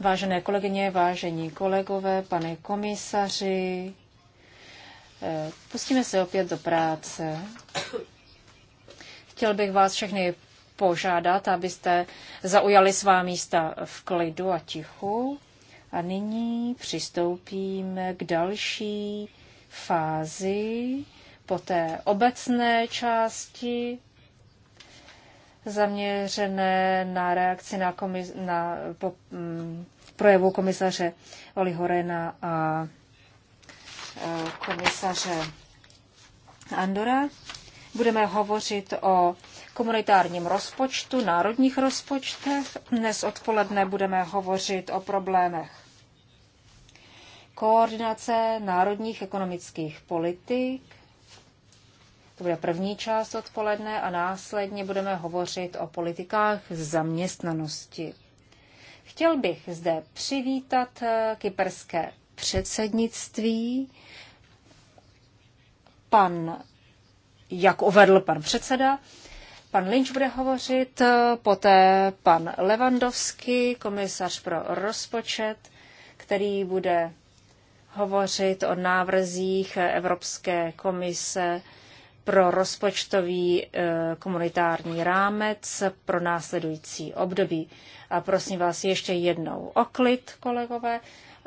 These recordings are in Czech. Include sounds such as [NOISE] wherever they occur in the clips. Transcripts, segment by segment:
Vážené kolegyně, vážení kolegové, pane komisaři, eh, pustíme se opět do práce. Chtěl bych vás všechny požádat, abyste zaujali svá místa v klidu a tichu. A nyní přistoupíme k další fázi po té obecné části zaměřené na reakci na, komis- na po, m, mm, projevu komisaře Oli Horena a e, komisaře Andora. Budeme hovořit o komunitárním rozpočtu, národních rozpočtech. Dnes odpoledne budeme hovořit o problémech koordinace národních ekonomických politik to bude první část odpoledne a následně budeme hovořit o politikách zaměstnanosti. Chtěl bych zde přivítat eh, kyperské předsednictví. Pan, jak uvedl pan předseda, pan Lynch bude hovořit, eh, poté pan Levandovský, komisař pro rozpočet, který bude hovořit o návrzích Evropské komise pro rozpočtový eh, komunitární rámec pro následující období. A prosím vás ještě jednou o klid, kolegové.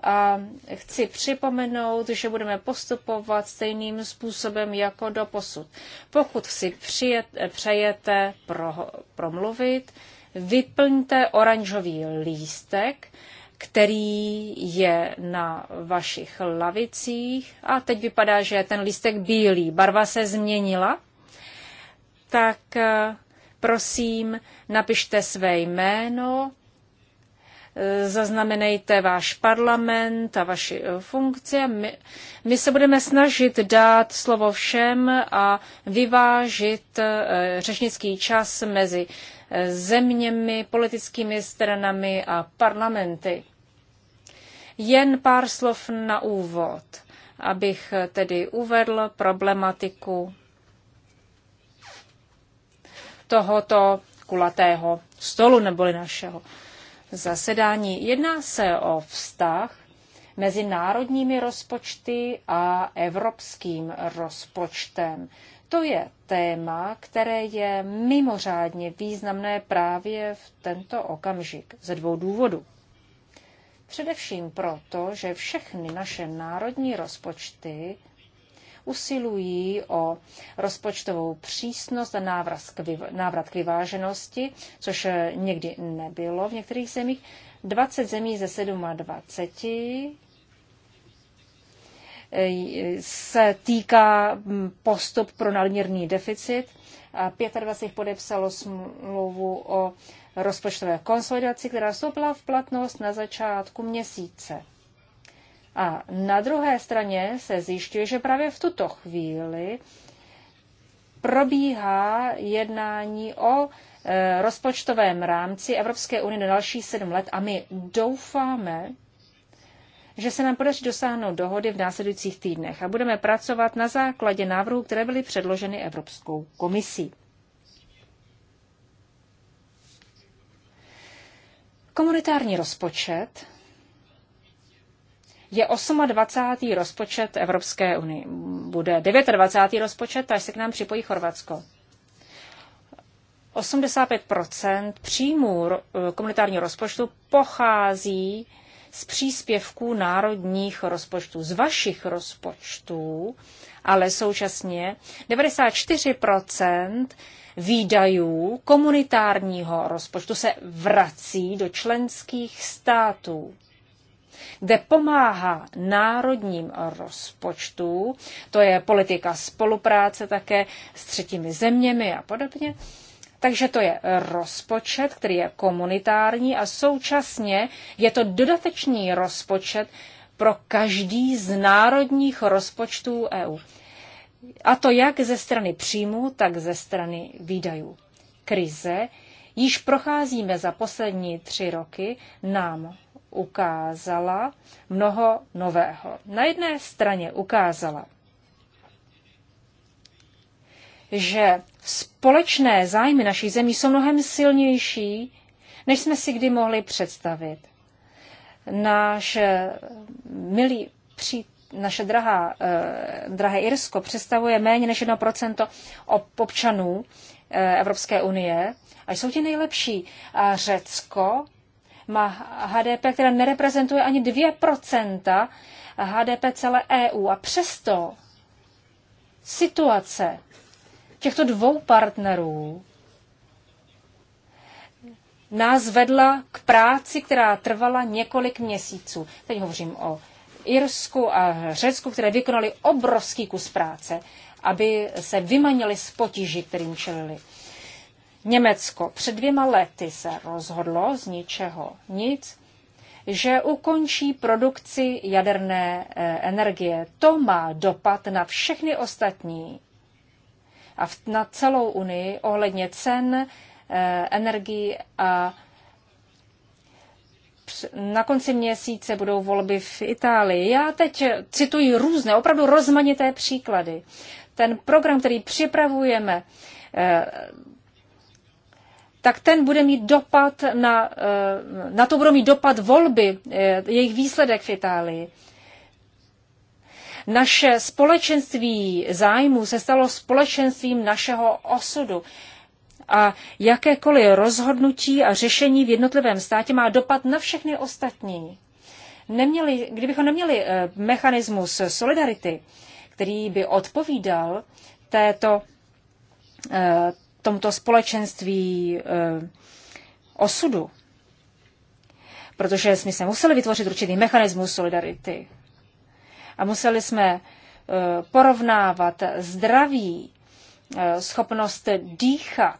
A chci připomenout, že budeme postupovat stejným způsobem jako do posud. Pokud si přijete, eh, přejete pro, promluvit, vyplňte oranžový lístek, který je na vašich lavicích. A teď vypadá, že ten lístek bílý. Barva se změnila. Tak eh, prosím, napište své jméno, eh, zaznamenejte váš parlament a vaši eh, funkci. My, my se budeme snažit dát slovo všem a vyvážit řečnický čas mezi zeměmi, politickými stranami a parlamenty. Jen pár slov na úvod, abych tedy uvedl problematiku tohoto kulatého stolu neboli našeho zasedání. Jedná se o vztah mezi národními rozpočty a evropským rozpočtem. To je téma, které je mimořádně významné právě v tento okamžik ze dvou důvodů. Především proto, že všechny naše národní rozpočty usilují o rozpočtovou přísnost a návrat k vyváženosti, což eh, někdy nebylo v některých zemích. 20 zemí ze 27 eh, se týká hm, postup pro nadměrný deficit. 25 podepsalo smlouvu o rozpočtové konsolidaci, která vstoupila v platnost na začátku měsíce. A na druhé straně se zjišťuje, že právě v tuto chvíli probíhá jednání o e, rozpočtovém rámci Evropské unie na další sedm let a my doufáme, že se nám podaří dosáhnout dohody v následujících týdnech a budeme pracovat na základě návrhů, které byly předloženy Evropskou komisí. Komunitární rozpočet je 28. rozpočet Evropské unie. Bude 29. rozpočet, až se k nám připojí Chorvatsko. 85 příjmů komunitárního rozpočtu pochází z příspěvků národních rozpočtů, z vašich rozpočtů, ale současně 94 výdajů komunitárního rozpočtu se vrací do členských států kde pomáhá národním rozpočtu, to je politika spolupráce také s třetími zeměmi a podobně. Takže to je rozpočet, který je komunitární a současně je to dodatečný rozpočet pro každý z národních rozpočtů EU. A to jak ze strany příjmů, tak ze strany výdajů. Krize, již procházíme za poslední tři roky, nám ukázala mnoho nového. Na jedné straně ukázala, že společné zájmy naší zemí jsou mnohem silnější, než jsme si kdy mohli představit. Náš milý přítel naše drahá, eh, drahé Irsko představuje méně než 1% občanů eh, Evropské unie a jsou ti nejlepší. A Řecko má HDP, které nereprezentuje ani 2% HDP celé EU a přesto situace těchto dvou partnerů nás vedla k práci, která trvala několik měsíců. Teď hovořím o Irsku a Řecku, které vykonali obrovský kus práce, aby se vymanili z potíží, kterým čelili. Německo před dvěma lety se rozhodlo z ničeho nic, že ukončí produkci jaderné eh, energie. To má dopad na všechny ostatní a na celou Unii ohledně cen eh, energii a na konci měsíce budou volby v Itálii. Já teď cituji různé, opravdu rozmanité příklady. Ten program, který připravujeme, eh, tak ten bude mít dopad na, eh, na to budou mít dopad volby, eh, jejich výsledek v Itálii. Naše společenství zájmu se stalo společenstvím našeho osudu a jakékoliv rozhodnutí a řešení v jednotlivém státě má dopad na všechny ostatní. Neměli, kdybychom neměli eh, mechanismus solidarity, který by odpovídal této, eh, tomuto společenství eh, osudu, protože jsme se museli vytvořit určitý mechanismus solidarity. A museli jsme porovnávat zdraví Eh, schopnost dýchat.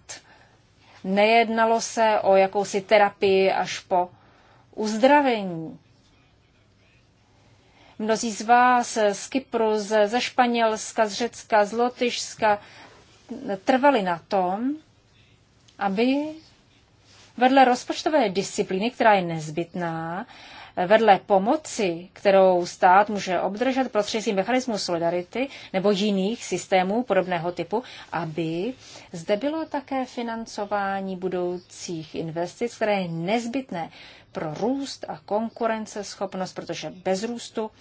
Nejednalo se o jakousi terapii až po uzdravení. Mnozí z vás z Kypru, ze Španělska, z Řecka, z Lotyšska trvali na tom, aby vedle rozpočtové disciplíny, která je nezbytná, vedle pomoci, kterou stát může obdržet prostřednictvím mechanismu solidarity nebo jiných systémů podobného typu, aby zde bylo také financování budoucích investic, které je nezbytné pro růst a konkurenceschopnost, protože bez růstu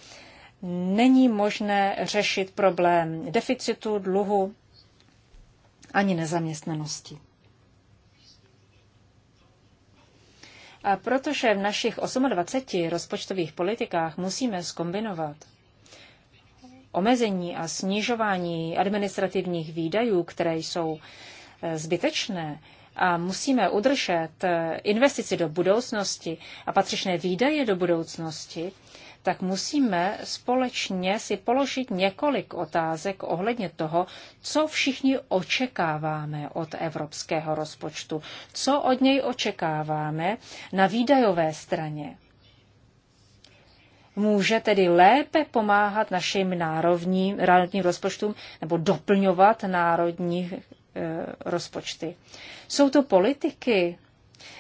není možné řešit problém deficitu, dluhu ani nezaměstnanosti. A protože v našich 28 rozpočtových politikách musíme skombinovat omezení a snižování administrativních výdajů, které jsou e, zbytečné, a musíme udržet e, investici do budoucnosti a patřičné výdaje do budoucnosti, tak musíme společně si položit několik otázek ohledně toho, co všichni očekáváme od evropského rozpočtu, co od něj očekáváme na výdajové straně může tedy lépe pomáhat našim národním, národním rozpočtům nebo doplňovat národní e, rozpočty. Jsou to politiky,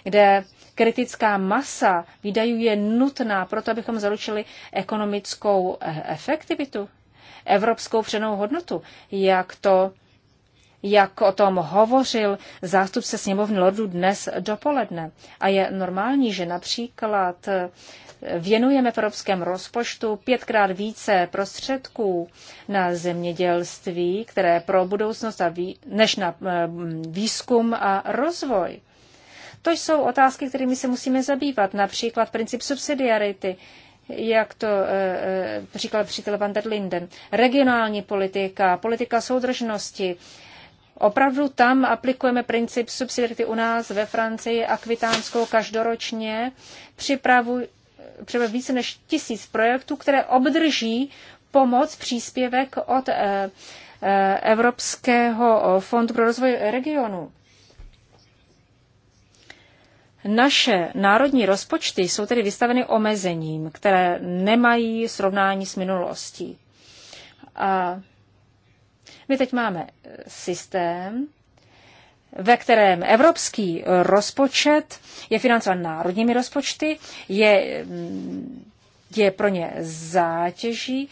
kde kritická masa výdajů je nutná proto, abychom zaručili ekonomickou eh, efektivitu, evropskou přenou hodnotu, jak to jak o tom hovořil zástupce sněmovny lordů dnes dopoledne. A je normální, že například eh, věnujeme v evropském rozpočtu pětkrát více prostředků na zemědělství, které pro budoucnost a vý, než na eh, výzkum a rozvoj. To jsou otázky, kterými se musíme zabývat, například princip subsidiarity, jak to e, říkal přítel van der Linden, regionální politika, politika soudržnosti, Opravdu tam aplikujeme princip subsidiarity u nás ve Francii a Kvitánskou každoročně. Připravují více než tisíc projektů, které obdrží pomoc, příspěvek od eh, Evropského fondu pro rozvoj regionu. Naše národní rozpočty jsou tedy vystaveny omezením, které nemají srovnání s minulostí. A my teď máme eh, systém, ve kterém evropský rozpočet je financován národními rozpočty, je, mm, je pro ně zátěží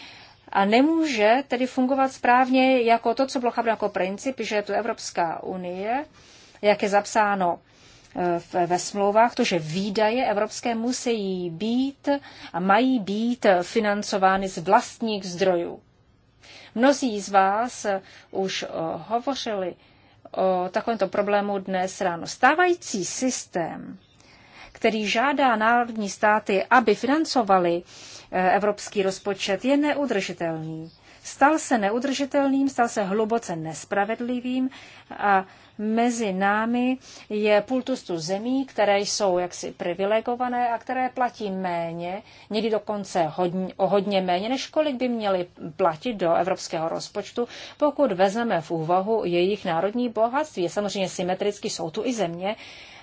a nemůže tedy fungovat správně jako to, co bylo chápáno jako princip, že je tu Evropská unie, jak je zapsáno ve smlouvách to, že výdaje evropské musí být a mají být financovány z vlastních zdrojů. Mnozí z vás už eh, hovořili o takovémto problému dnes ráno. Stávající systém, který žádá národní státy, aby financovali eh, evropský rozpočet, je neudržitelný. Stal se neudržitelným, stal se hluboce nespravedlivým a mezi námi je pultustu zemí, které jsou jaksi privilegované a které platí méně, někdy dokonce hodně, o hodně méně, než kolik by měly platit do evropského rozpočtu, pokud vezmeme v úvahu jejich národní bohatství. Samozřejmě symetricky jsou tu i země,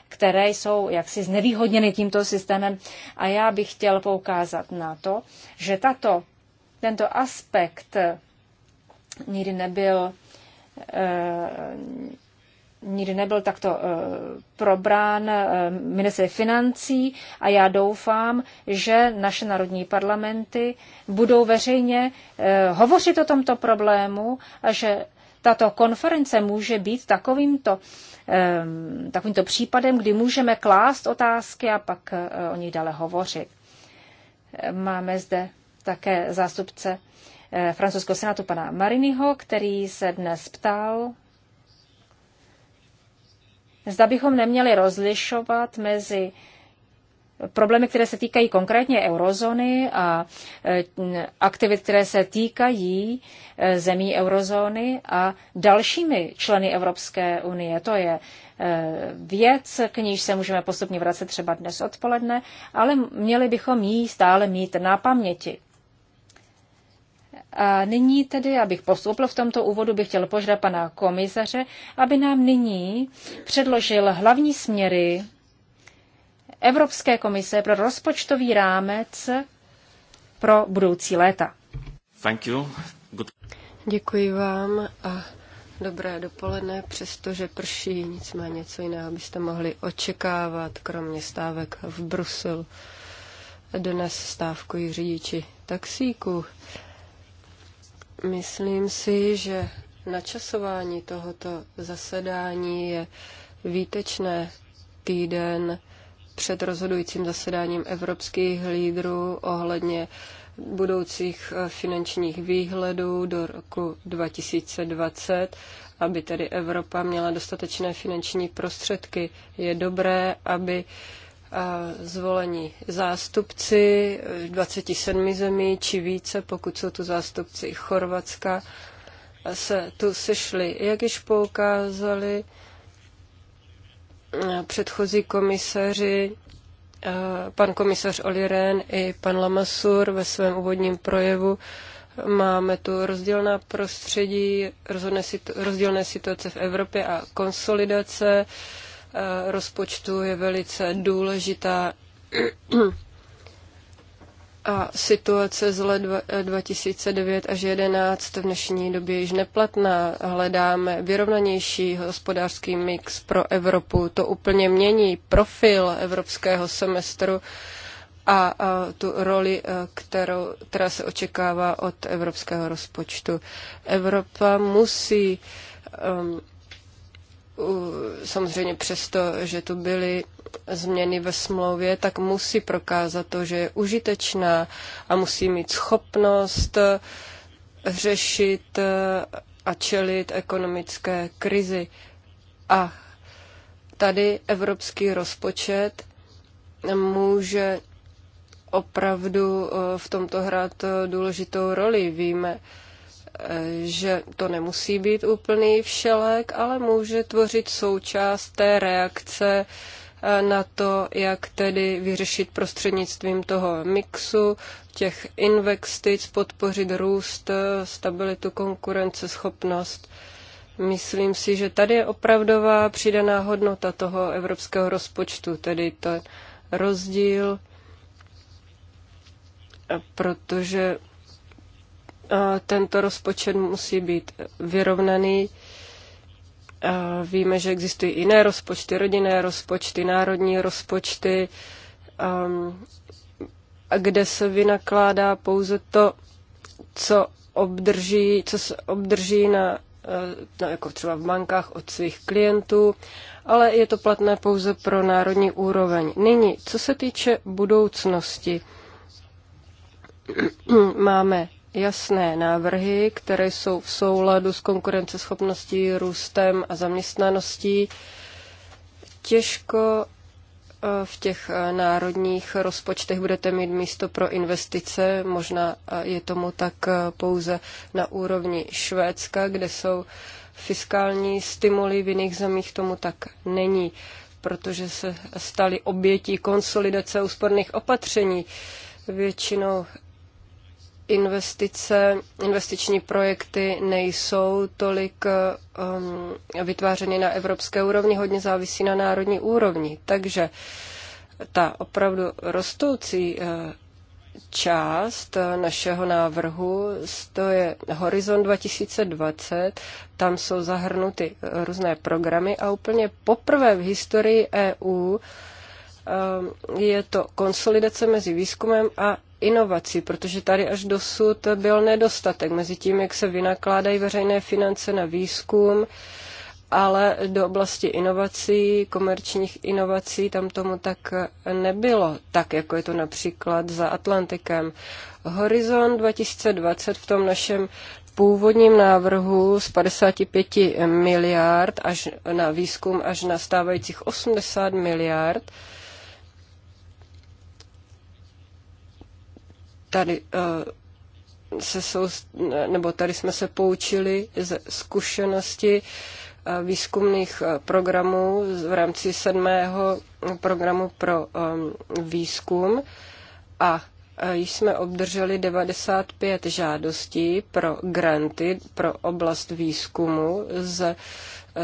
které jsou jaksi znevýhodněny tímto systémem. A já bych chtěl poukázat na to, že tato tento aspekt nikdy nebyl eh, nikdy nebyl takto eh, probrán eh, ministry financí a já doufám, že naše národní parlamenty budou veřejně hovořit o tomto problému a že tato konference může být takovýmto, takovýmto případem, kdy můžeme klást otázky a pak o nich dále hovořit. Máme zde také zástupce eh, francouzského senátu pana Mariniho, který se dnes ptal, zda bychom neměli rozlišovat mezi problémy, které se týkají konkrétně eurozóny a eh, aktivit, které se týkají eh, zemí eurozóny a dalšími členy Evropské unie. To je věc, k níž se můžeme postupně vracet třeba dnes odpoledne, ale měli bychom ji stále mít na paměti. A nyní tedy, abych postoupil v tomto úvodu, bych chtěl požádat pana komisaře, aby nám nyní předložil hlavní směry Evropské komise pro rozpočtový rámec pro budoucí léta. Thank you. Good. Děkuji vám a dobré dopoledne, přestože prší, nicméně něco jiného byste mohli očekávat, kromě stávek v Bruselu. Dnes stávkují řidiči taxíku. Myslím si, že načasování tohoto zasedání je výtečné týden před rozhodujícím zasedáním evropských lídrů ohledně budoucích eh, finančních výhledů do roku 2020, aby tedy Evropa měla dostatečné finanční prostředky. Je dobré, aby zvolení zástupci 27 zemí či více, pokud jsou tu zástupci Chorvatska, se tu sešli. Jak již poukázali předchozí komisaři, pan komisař Oli Rén i pan Lamasur ve svém úvodním projevu, Máme tu rozdílná prostředí, rozdílné situace v Evropě a konsolidace. Eh, rozpočtu je velice důležitá. A situace z let 2009 eh, až 2011 v dnešní době již neplatná. Hledáme vyrovnanější hospodářský mix pro Evropu. To úplně mění profil evropského semestru a, tu roli, eh, kterou, která se očekává od evropského rozpočtu. Evropa musí um, samozřejmě přesto, že tu byly změny ve smlouvě, tak musí prokázat to, že je užitečná a musí mít schopnost řešit a čelit ekonomické krizi. A tady evropský rozpočet může opravdu eh, v tomto hrát eh, důležitou roli. Víme, že to nemusí být úplný všelek, ale může tvořit součást té reakce eh, na to, jak tedy vyřešit prostřednictvím toho mixu těch investic, podpořit růst, eh, stabilitu, konkurenceschopnost. Myslím si, že tady je opravdová přidaná hodnota toho evropského rozpočtu, tedy ten rozdíl, eh, protože tento rozpočet musí být vyrovnaný. Víme, že existují jiné rozpočty, rodinné rozpočty, národní rozpočty, um, kde se vynakládá pouze to, co obdrží, co se obdrží na, eh, na, jako třeba v bankách od svých klientů, ale je to platné pouze pro národní úroveň. Nyní, co se týče budoucnosti, [CLEARS THROAT] máme jasné návrhy, které jsou v souladu s konkurenceschopností, růstem a zaměstnaností. Těžko eh, v těch eh, národních rozpočtech budete mít místo pro investice. Možná eh, je tomu tak pouze na úrovni Švédska, kde jsou fiskální stimuly, v jiných zemích tomu tak není, protože se staly obětí konsolidace úsporných opatření. Většinou investice, investiční projekty nejsou tolik um, vytvářeny na evropské úrovni, hodně závisí na národní úrovni. Takže ta opravdu rostoucí eh, část eh, našeho návrhu, to je Horizon 2020, tam jsou zahrnuty eh, různé programy a úplně poprvé v historii EU je to konsolidace mezi výzkumem a inovací, protože tady až dosud byl nedostatek mezi tím, jak se vynakládají veřejné finance na výzkum, ale do oblasti inovací, komerčních inovací, tam tomu tak nebylo, tak jako je to například za Atlantikem. Horizon 2020 v tom našem původním návrhu z 55 miliard až na výzkum až na stávajících 80 miliard, tady eh, se sou, nebo tady jsme se poučili ze zkušenosti eh, výzkumných eh, programů v rámci sedmého programu pro výzkum a jsme obdrželi 95 žádostí pro granty pro oblast výzkumu z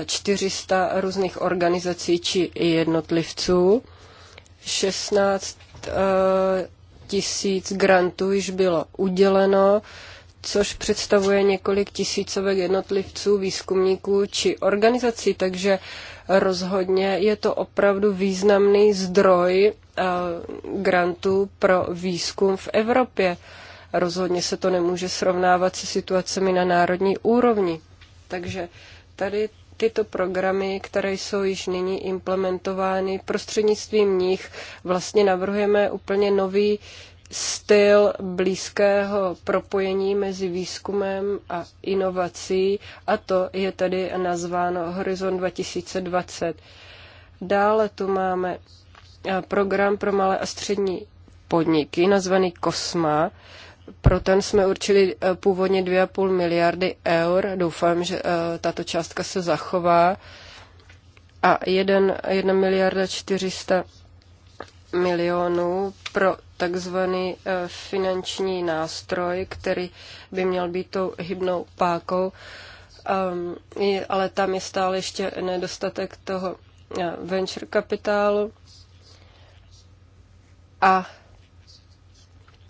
400 různých organizací či jednotlivců. 16 tisíc grantů již bylo uděleno, což představuje několik tisícovek jednotlivců, výzkumníků či organizací, takže rozhodně je to opravdu významný zdroj eh, grantů pro výzkum v Evropě. Rozhodně se to nemůže srovnávat se situacemi na národní úrovni. Takže tady tyto programy, které jsou již nyní implementovány, prostřednictvím nich vlastně navrhujeme úplně nový styl blízkého propojení mezi výzkumem a inovací a to je tedy nazváno Horizon 2020. Dále tu máme eh, program pro malé a střední podniky nazvaný COSMA, pro ten jsme určili eh, původně 2,5 miliardy eur. Doufám, že eh, tato částka se zachová. A 1, 1 miliarda 400 milionů pro takzvaný eh, finanční nástroj, který by měl být tou hybnou pákou, ehm, ale tam je stále ještě nedostatek toho venture kapitálu a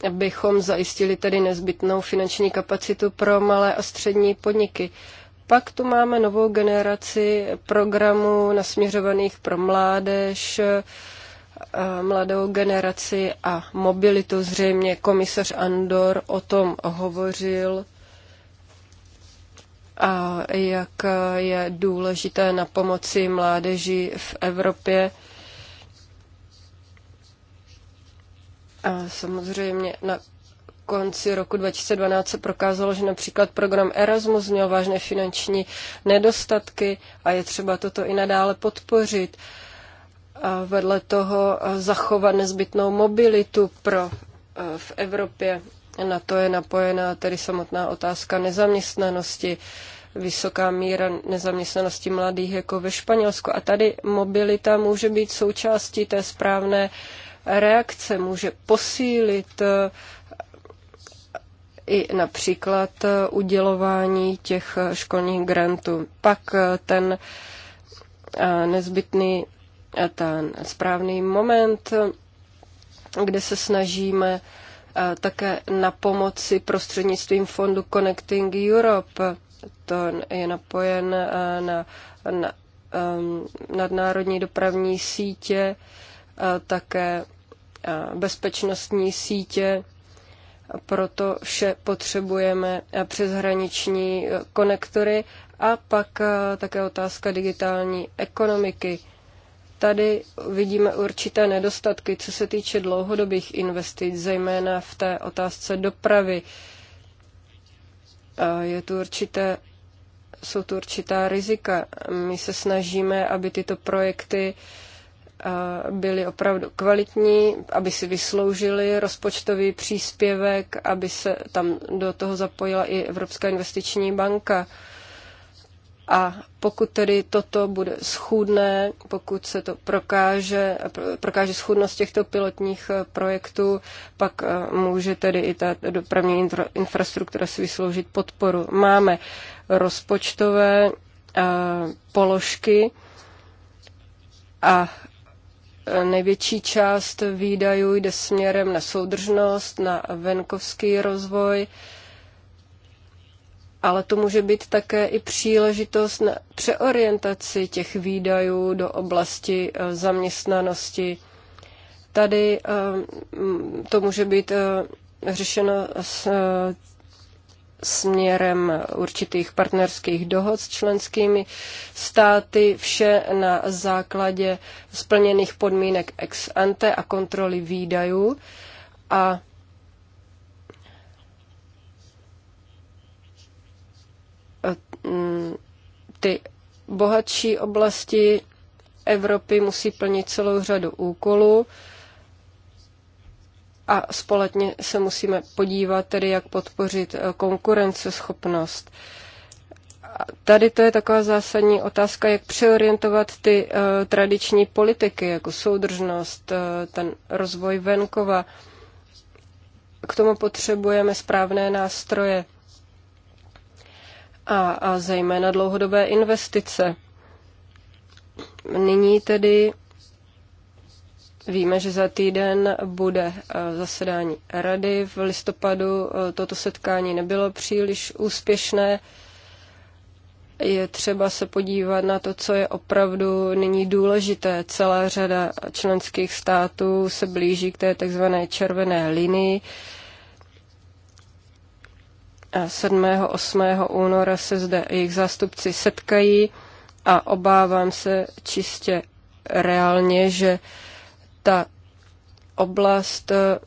abychom zajistili tedy nezbytnou finanční kapacitu pro malé a střední podniky. Pak tu máme novou generaci programů nasměřovaných pro mládež, mladou generaci a mobilitu. Zřejmě komisař Andor o tom hovořil a jak je důležité na pomoci mládeži v Evropě A samozřejmě na konci roku 2012 se prokázalo, že například program Erasmus měl vážné finanční nedostatky a je třeba toto i nadále podpořit. A vedle toho zachovat nezbytnou mobilitu pro e, v Evropě. Na to je napojená tedy samotná otázka nezaměstnanosti vysoká míra nezaměstnanosti mladých jako ve Španělsku. A tady mobilita může být součástí té správné reakce může posílit eh, i například eh, udělování těch eh, školních grantů. Pak ten nezbytný, ten správný moment, kde se snažíme také na pomoci prostřednictvím fondu Connecting Europe. To je napojen na, na na ehm, nadnárodní dopravní sítě, také bezpečnostní sítě. Proto vše potřebujeme přeshraniční e, konektory a pak e, také otázka digitální ekonomiky. Tady vidíme určité nedostatky, co se týče dlouhodobých investic, zejména v té otázce dopravy. E, je tu určité, jsou tu určitá rizika. My se snažíme, aby tyto projekty uh, Eh, byli opravdu kvalitní, aby si vysloužili rozpočtový příspěvek, aby se tam do toho zapojila i Evropská investiční banka. A pokud tedy toto bude schůdné, pokud se to prokáže, prokáže schůdnost těchto pilotních eh, projektů, pak eh, může tedy i ta dopravní infrastruktura si vysloužit podporu. Máme rozpočtové položky a Největší část výdajů jde směrem na soudržnost, na venkovský rozvoj, ale to může být také i příležitost na přeorientaci těch výdajů do oblasti eh, zaměstnanosti. Tady eh, to může být eh, řešeno s směrem určitých partnerských dohod s členskými státy, vše na základě splněných podmínek ex ante a kontroly výdajů. A ty bohatší oblasti Evropy musí plnit celou řadu úkolů a společně se musíme podívat tedy, jak podpořit eh, konkurenceschopnost. tady to je taková zásadní otázka, jak přeorientovat ty uh, tradiční politiky, jako soudržnost, uh, ten rozvoj venkova. K tomu potřebujeme správné nástroje a, a zejména dlouhodobé investice. Nyní tedy Víme, že za týden bude eh, zasedání rady. V listopadu eh, toto setkání nebylo příliš úspěšné. Je třeba se podívat na to, co je opravdu nyní důležité. Celá řada členských států se blíží k té takzvané červené linii. 7. 8. února se zde jejich zástupci setkají a obávám se čistě reálně, že uh, ta oblast eh,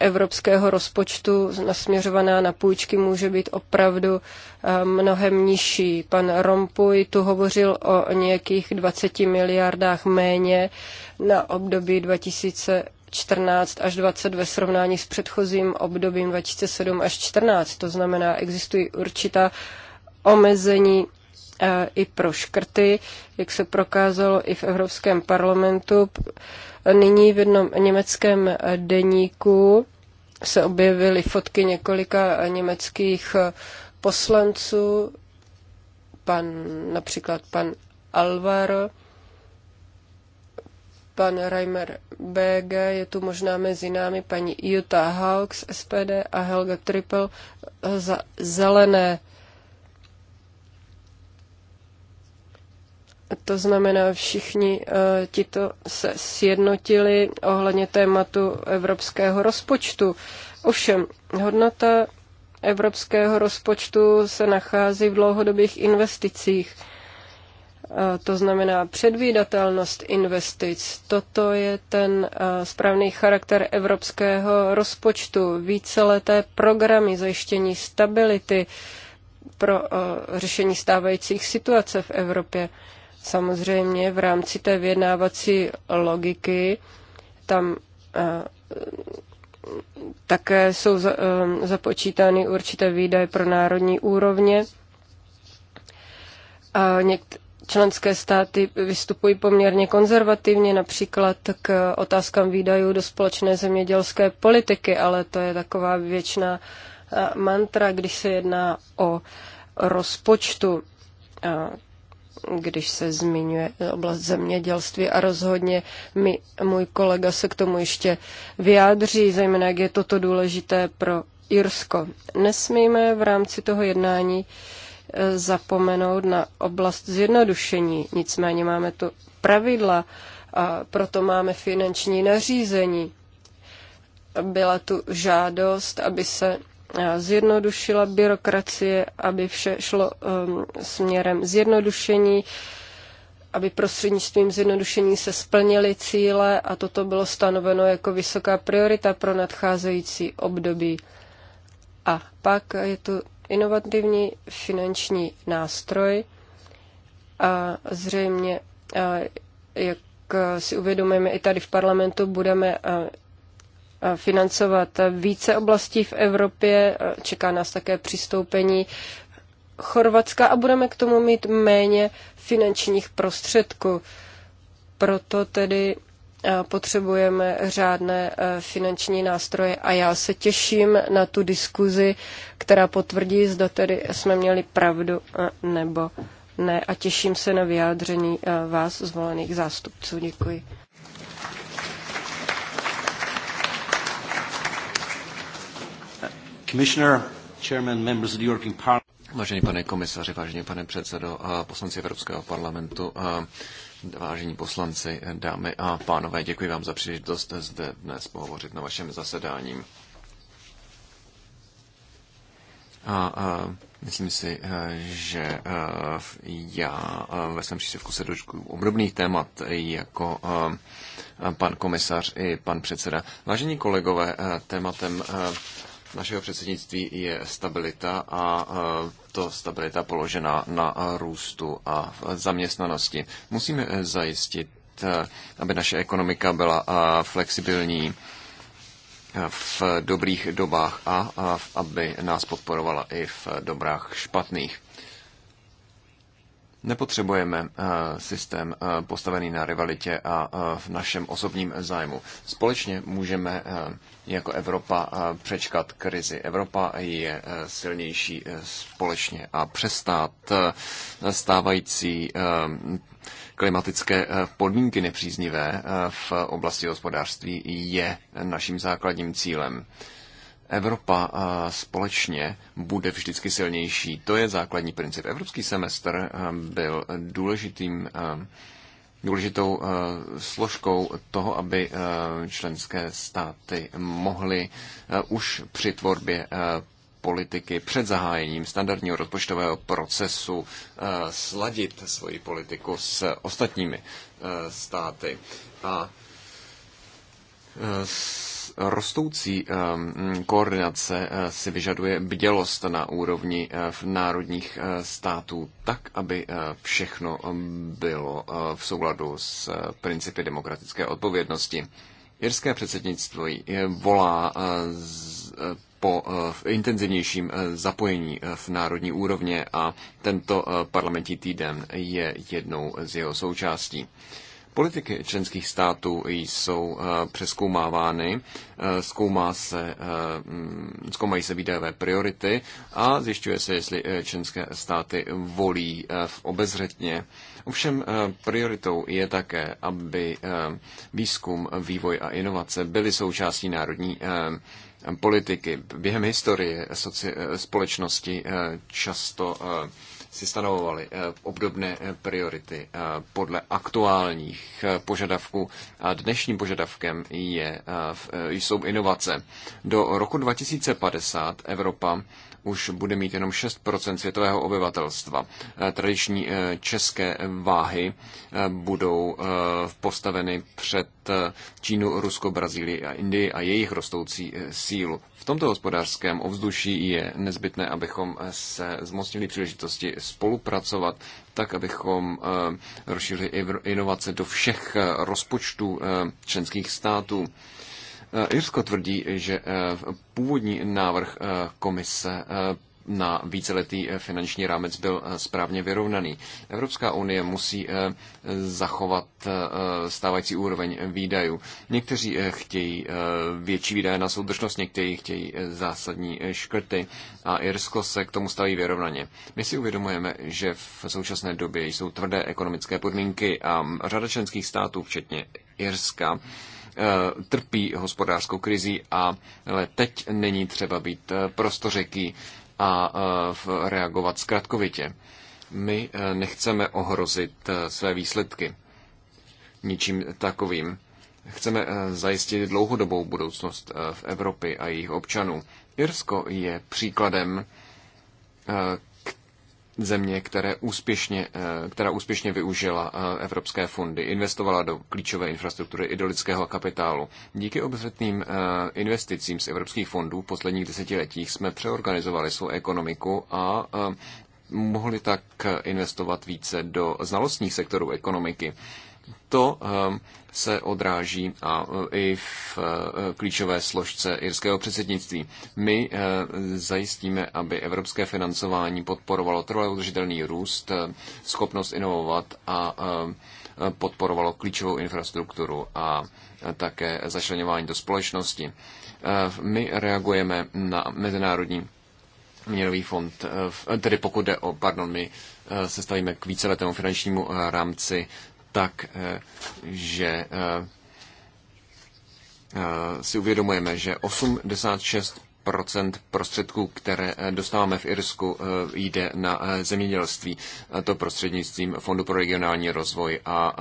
evropského rozpočtu nasměřovaná na půjčky může být opravdu eh, mnohem nižší. Pan Rompuy tu hovořil o nějakých 20 miliardách méně na období 2014 až 20 ve srovnání s předchozím obdobím 2007 až 2014. To znamená, existují určitá omezení i pro škrty, jak se prokázalo i v Evropském parlamentu. Nyní v jednom německém deníku se objevily fotky několika německých poslanců, pan, například pan Alvaro, pan Reimer BG, je tu možná mezi námi paní Jutta Haug z SPD a Helga Trippel za zelené. To znamená, všichni eh, tito se sjednotili ohledně tématu evropského rozpočtu. Ovšem, hodnota evropského rozpočtu se nachází v dlouhodobých investicích. Eh, to znamená předvídatelnost investic. Toto je ten eh, správný charakter evropského rozpočtu. Víceleté programy zajištění stability pro řešení stávajících situace v Evropě. Samozřejmě v rámci té vyjednávací logiky tam eh, také jsou eh, započítány určité výdaje pro národní úrovně. A někt- členské státy vystupují poměrně konzervativně, například k otázkám výdajů do společné zemědělské politiky, ale to je taková věčná eh, mantra, když se jedná o rozpočtu když se zmiňuje oblast zemědělství a rozhodně mi, můj kolega se k tomu ještě vyjádří, zejména jak je toto důležité pro Irsko. Nesmíme v rámci toho jednání e, zapomenout na oblast zjednodušení. Nicméně máme tu pravidla a proto máme finanční nařízení. Byla tu žádost, aby se zjednodušila byrokracie, aby vše šlo um, směrem zjednodušení, aby prostřednictvím zjednodušení se splnily cíle a toto bylo stanoveno jako vysoká priorita pro nadcházející období. A pak je tu inovativní finanční nástroj a zřejmě, a jak si uvědomujeme, i tady v parlamentu budeme financovat více oblastí v Evropě. Čeká nás také přistoupení Chorvatska a budeme k tomu mít méně finančních prostředků. Proto tedy potřebujeme řádné finanční nástroje a já se těším na tu diskuzi, která potvrdí, zda tedy jsme měli pravdu nebo ne. A těším se na vyjádření vás, zvolených zástupců. Děkuji. Vážený pane komisaři, vážený pane předsedo, eh, poslanci Evropského parlamentu, eh, vážení poslanci, dámy a pánové, děkuji vám za příležitost zde dnes pohovořit na vašem zasedání. A, a eh, myslím si, že já ve svém příspěvku se dočku obdobných témat jako pan komisař i pan předseda. Vážení kolegové, tématem našeho předsednictví je stabilita a e, to stabilita položená na růstu a zaměstnanosti. Musíme e, zajistit, e, aby naše ekonomika byla flexibilní v dobrých dobách a aby nás podporovala i v dobrách špatných. Nepotřebujeme systém postavený na rivalitě a v našem osobním zájmu. Společně můžeme jako Evropa eh, přečkat krizi. Evropa je eh, silnější eh, společně a přestát stávající klimatické podmínky nepříznivé v oblasti hospodářství je naším základním cílem. Evropa společně bude vždycky silnější. To je základní princip. Evropský semestr byl důležitým důležitou eh, složkou toho, aby eh, členské státy mohly eh, už při tvorbě politiky před zahájením standardního rozpočtového procesu sladit svoji politiku s ostatními státy. A rostoucí ehm, koordinace eh, si vyžaduje bdělost na úrovni eh, v národních eh, států, tak aby všechno ehm, bylo v souladu s principy demokratické odpovědnosti. Jirské předsednictví volá po intenzivnějším zapojení v národní úrovně a tento parlamentní týden je jednou z jeho součástí. Politiky členských států jsou eh, přeskoumávány, eh, zkoumá se, eh, mm, zkoumají se výdajové priority a zjišťuje se, jestli členské státy volí v obezřetně. Ovšem prioritou je také, aby výzkum, vývoj a inovace byly součástí národní politiky. Během historie soci- společnosti často si stanovovali eh, obdobné eh, priority eh, podle aktuálních požadavků. A dnešním požadavkem je, jsou inovace. Do roku 2050 Evropa už bude mít jenom 6% světového obyvatelstva. Eh, tradiční eh, české váhy eh, budou postaveny před Čínu, Rusko, Brazílii a Indii a jejich rostoucí sílu. V tomto hospodářském ovzduší je nezbytné, abychom se zmocnili příležitosti spolupracovat, tak abychom rozšířili inovace do všech rozpočtů členských států. Eh, Irsko tvrdí, že eh, původní návrh eh, komise na víceletý finanční rámec byl správně vyrovnaný. Evropská unie musí zachovat stávající úroveň výdajů. Někteří chtějí větší výdaje na soudržnost, někteří chtějí zásadní škrty a Irsko se k tomu staví vyrovnaně. My si uvědomujeme, že v současné době jsou tvrdé ekonomické podmínky a mm, řada členských států, včetně Irska, Eh, trpí hospodářskou krizí, a, ale teď není třeba být eh, prostořeký a eh, reagovat zkratkovitě. My nechceme ohrozit své výsledky ničím takovým. Chceme zajistit dlouhodobou budoucnost v Evropě a jejich občanů. Irsko je příkladem země, které úspěšně, eh, která úspěšně využila eh, evropské fondy, investovala do klíčové infrastruktury i do lidského kapitálu. Díky obzřetným eh, investicím z evropských fondů v posledních desetiletích jsme přeorganizovali svou ekonomiku a mohli tak investovat více do znalostních sektorů ekonomiky to ehm, se odráží a e, i v e, klíčové složce irského předsednictví. My e, zajistíme, aby evropské financování podporovalo trvalý udržitelný růst, schopnost inovovat a podporovalo klíčovou infrastrukturu a také začlenování do společnosti. My reagujeme na mezinárodní měnový fond, tedy pokud jde o, pardon, my se stavíme k víceletému finančnímu rámci tak, eh, že eh, eh, si uvědomujeme, že 86 prostředků, které dostáváme v Irsku, jde na zemědělství. To prostřednictvím Fondu pro regionální rozvoj a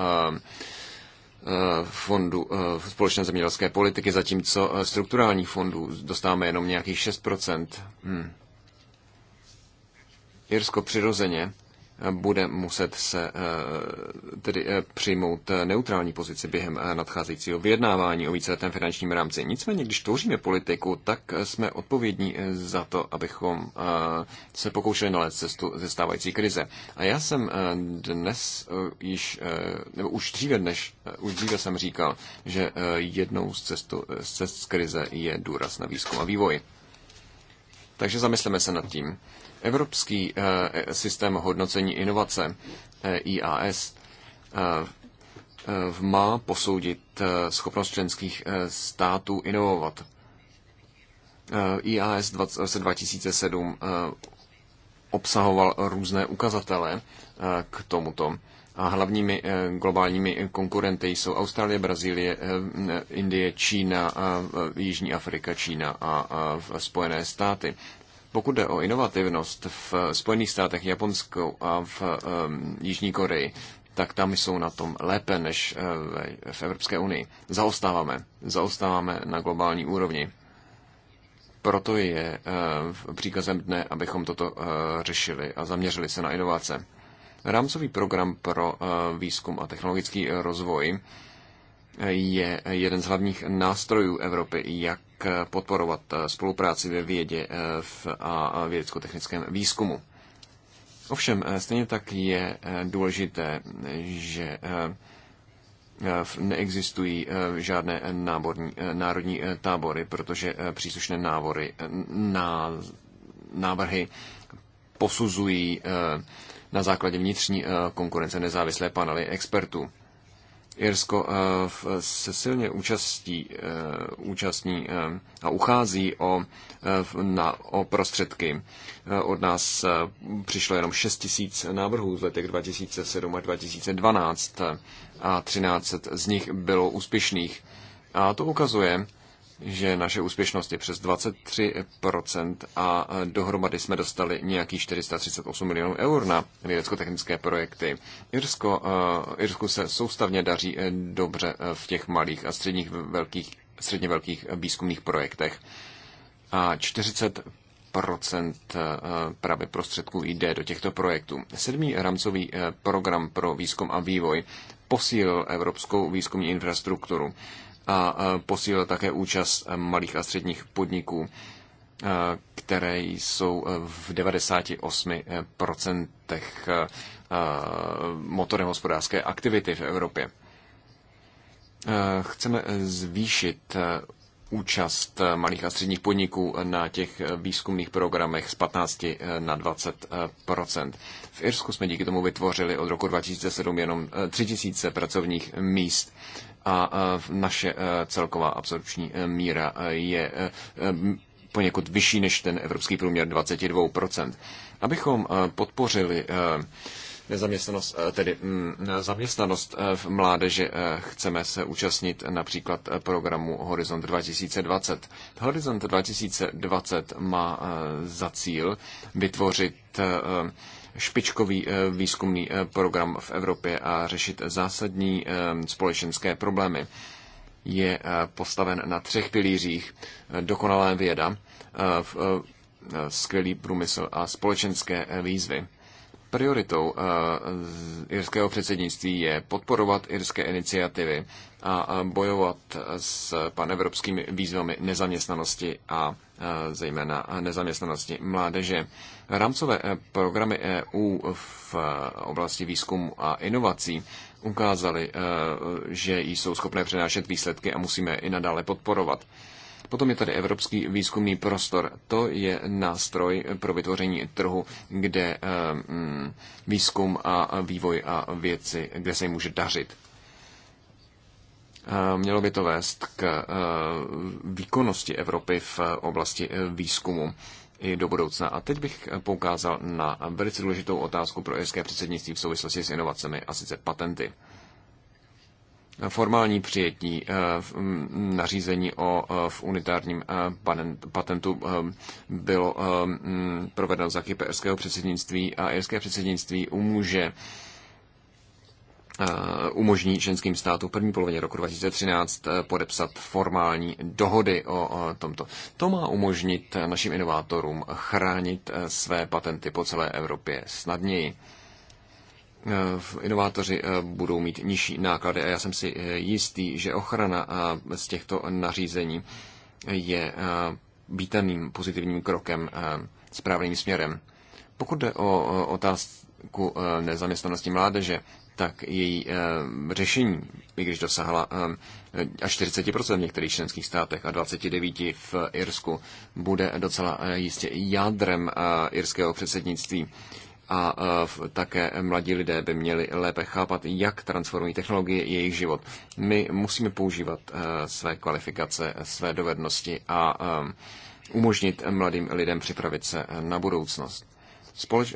fondu společné zemědělské politiky, zatímco strukturálních fondů dostáváme jenom nějakých 6 hmm. Irsko přirozeně bude muset se eh, tedy eh, přijmout eh, neutrální pozici během nadcházejícího vyjednávání o víceletém finančním rámci. Nicméně, když tvoříme politiku, tak jsme odpovědní za to, abychom se pokoušeli nalézt cestu ze stávající krize. A já jsem dnes již, nebo už dříve, než, už dříve jsem říkal, že jednou z, cestu, z cest z krize je důraz na výzkum a vývoj. Takže zamysleme se nad tím, Evropský eh, systém hodnocení inovace, eh, IAS, eh, má posoudit schopnost členských států inovovat. IAS 2007 obsahoval různé ukazatele k tomuto. A hlavními globálními konkurenty jsou Austrálie, Brazílie, Indie, Čína, Jižní Afrika, Čína a Spojené státy. Pokud jde o inovativnost v Spojených státech, Japonsku a v um, Jižní Koreji, tak tam jsou na tom lépe než eh, v, v Evropské unii. Zaostáváme. Zaostáváme na globální úrovni. Proto je uh, příkazem dne, abychom toto uh, řešili a zaměřili se na inovace. Rámcový program pro výzkum a technologický rozvoj je jeden z hlavních nástrojů Evropy, jak podporovat eh, spolupráci ve vědě eh, a vědecko-technickém výzkumu. Ovšem, eh, stejně tak je důležité, že neexistují žádné náborní, národní tábory, protože příslušné návory, na, návrhy posuzují na základě vnitřní konkurence nezávislé panely expertů. Irsko eh, se silně účastí, eh, účastní eh, a uchází o, na, o prostředky. Od nás přišlo jenom 6 tisíc návrhů v letech 2007 a 2012 a 13 z nich bylo úspěšných. A to ukazuje, že naše úspěšnost je přes 23% a dohromady jsme dostali nějakých 438 milionů eur na vědecko-technické projekty. Irsko, eh, Irsku se soustavně daří eh, dobře eh, v těch malých a středních velkých, středně velkých výzkumných projektech. A 40 procent právě prostředků jde do těchto projektů. Sedmý rámcový program pro výzkum a vývoj posílil evropskou výzkumní infrastrukturu a posílil také účast malých a středních podniků, které jsou v 98% motorem hospodářské aktivity v Evropě. Chceme zvýšit účast malých a středních podniků na těch výzkumných programech z 15 e, na 20 e, V Irsku jsme díky tomu vytvořili od roku 2007 jenom 3000 e, pracovních míst a e, naše e, celková absorpční e, míra je poněkud vyšší než ten evropský průměr 22%. Abychom podpořili nezaměstnanost, tedy zaměstnanost v mládeže chceme se účastnit například programu Horizont 2020. Horizont 2020 má za cíl vytvořit špičkový eh, výzkumný eh, program v Evropě a řešit zásadní eh, společenské problémy. Je postaven na třech pilířích dokonalé věda, skvělý průmysl a společenské výzvy. Prioritou irského předsednictví je podporovat irské iniciativy a bojovat s panevropskými výzvami nezaměstnanosti a zejména nezaměstnanosti mládeže. Rámcové eh, programy EU v eh, oblasti výzkumu a inovací ukázaly, eh, že jsou schopné přenášet výsledky a musíme i nadále podporovat. Potom je tady Evropský výzkumný prostor. To je nástroj pro vytvoření trhu, kde mm, výzkum a vývoj a věci, kde se jim může dařit. Mělo by to vést k výkonnosti Evropy v oblasti výzkumu i do budoucna. A teď bych poukázal na velice důležitou otázku pro irské předsednictví v souvislosti s inovacemi, a sice patenty. Formální přijetí eh, mm, nařízení o eh, v unitárním eh, patentu bylo mm, provedeno za kyperského předsednictví a irské předsednictví umůže Eh, umožní ženským státům v první polovině roku 2013 eh, podepsat formální dohody o tomto. To má umožnit našim inovátorům chránit eh, své patenty po celé Evropě snadněji. Inovátoři budou mít nižší náklady a já jsem si jistý, že ochrana z těchto nařízení je vítaným pozitivním krokem správným směrem. Pokud jde o otázku nezaměstnanosti mládeže, tak její eh, řešení, i když dosáhla eh, až 40% v některých členských státech a 29% v Irsku, bude docela eh, jistě jádrem irského předsednictví a také mladí lidé by měli lépe chápat, jak transformují technologie jejich život. My musíme používat své kvalifikace, své dovednosti a umožnit mladým lidem připravit se na budoucnost. Společ-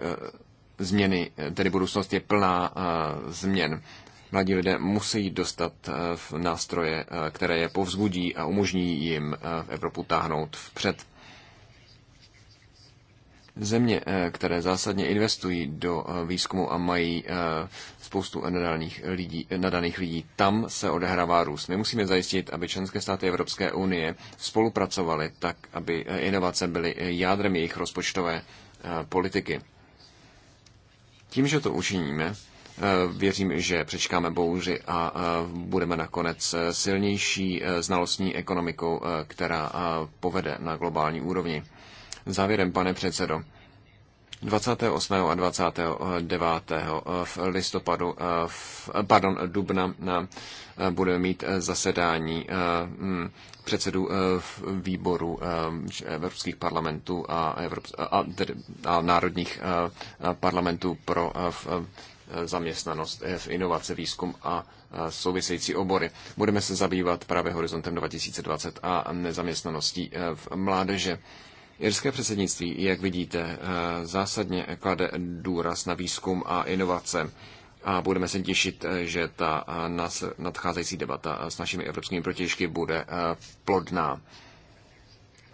změny, tedy budoucnost je plná eh, změn. Mladí lidé musí dostat eh, v nástroje, eh, které je povzbudí a umožní jim v Evropu táhnout vpřed. Země, které zásadně investují do výzkumu a mají spoustu nadaných lidí, nadaných lidí, tam se odehrává růst. My musíme zajistit, aby členské státy Evropské unie spolupracovaly tak, aby inovace byly jádrem jejich rozpočtové politiky. Tím, že to učiníme, eh, věřím, že přečkáme bouři a eh, budeme nakonec eh, silnější znalostní ekonomikou, která povede na globální úrovni. Závěrem, pane předsedo, 28. a 29. Eh, v listopadu, eh, v, eh, pardon, dubna budeme mít zasedání hm, předsedů výboru evropských parlamentů a, Evrop, a, a národních parlamentů pro zaměstnanost, v inovace, výzkum a související obory. Budeme se zabývat právě horizontem 2020 a nezaměstnaností v mládeže. Irské předsednictví, jak vidíte, eh, zásadně klade důraz na výzkum a inovace a budeme se těšit, eh, že ta eh, nás nadcházející debata s našimi evropskými protěžky bude plodná.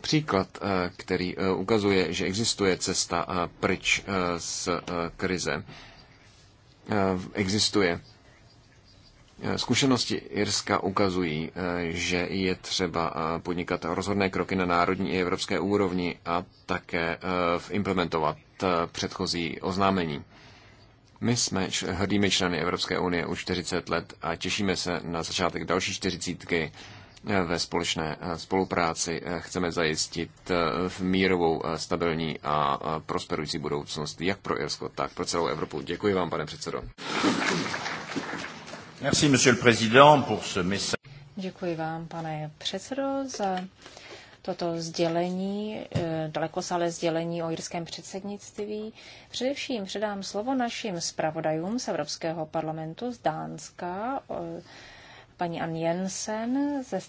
Příklad, který ukazuje, že existuje cesta pryč z krize, existuje. Eh, zkušenosti Irska ukazují, eh, že je třeba eh, podnikat rozhodné kroky na národní i evropské úrovni a také implementovat předchozí oznámení. My jsme hrdými členy Evropské unie už 40 let a těšíme se na začátek další čtyřicítky ve společné spolupráci. Chceme zajistit mírovou, stabilní a prosperující budoucnost jak pro Irsko, tak pro celou Evropu. Děkuji vám, pane předsedo. Merci, monsieur le président, pour ce message. Děkuji vám, pane předsedo, za toto sdělení, eh, dalekosále sdělení o jirském předsednictví. Především předám slovo našim zpravodajům z Evropského parlamentu z Dánska, paní Ann Jensen ze,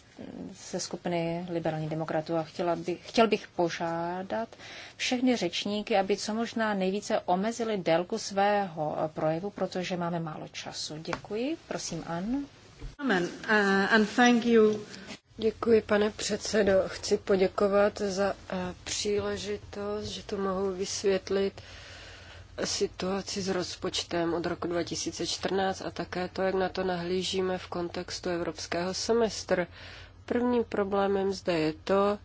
ze skupiny Liberální demokratů a chtěla by, chtěl bych požádat všechny řečníky, aby co možná nejvíce omezili délku svého eh, projevu, protože máme málo času. Děkuji. Prosím, Ann. Uh, and thank you. Děkuji, pane předsedo. Chci poděkovat za uh, příležitost, že tu mohu vysvětlit uh, situaci s rozpočtem od roku 2014 a také to, jak na to nahlížíme v kontextu evropského semestru. Prvním problémem zde je to,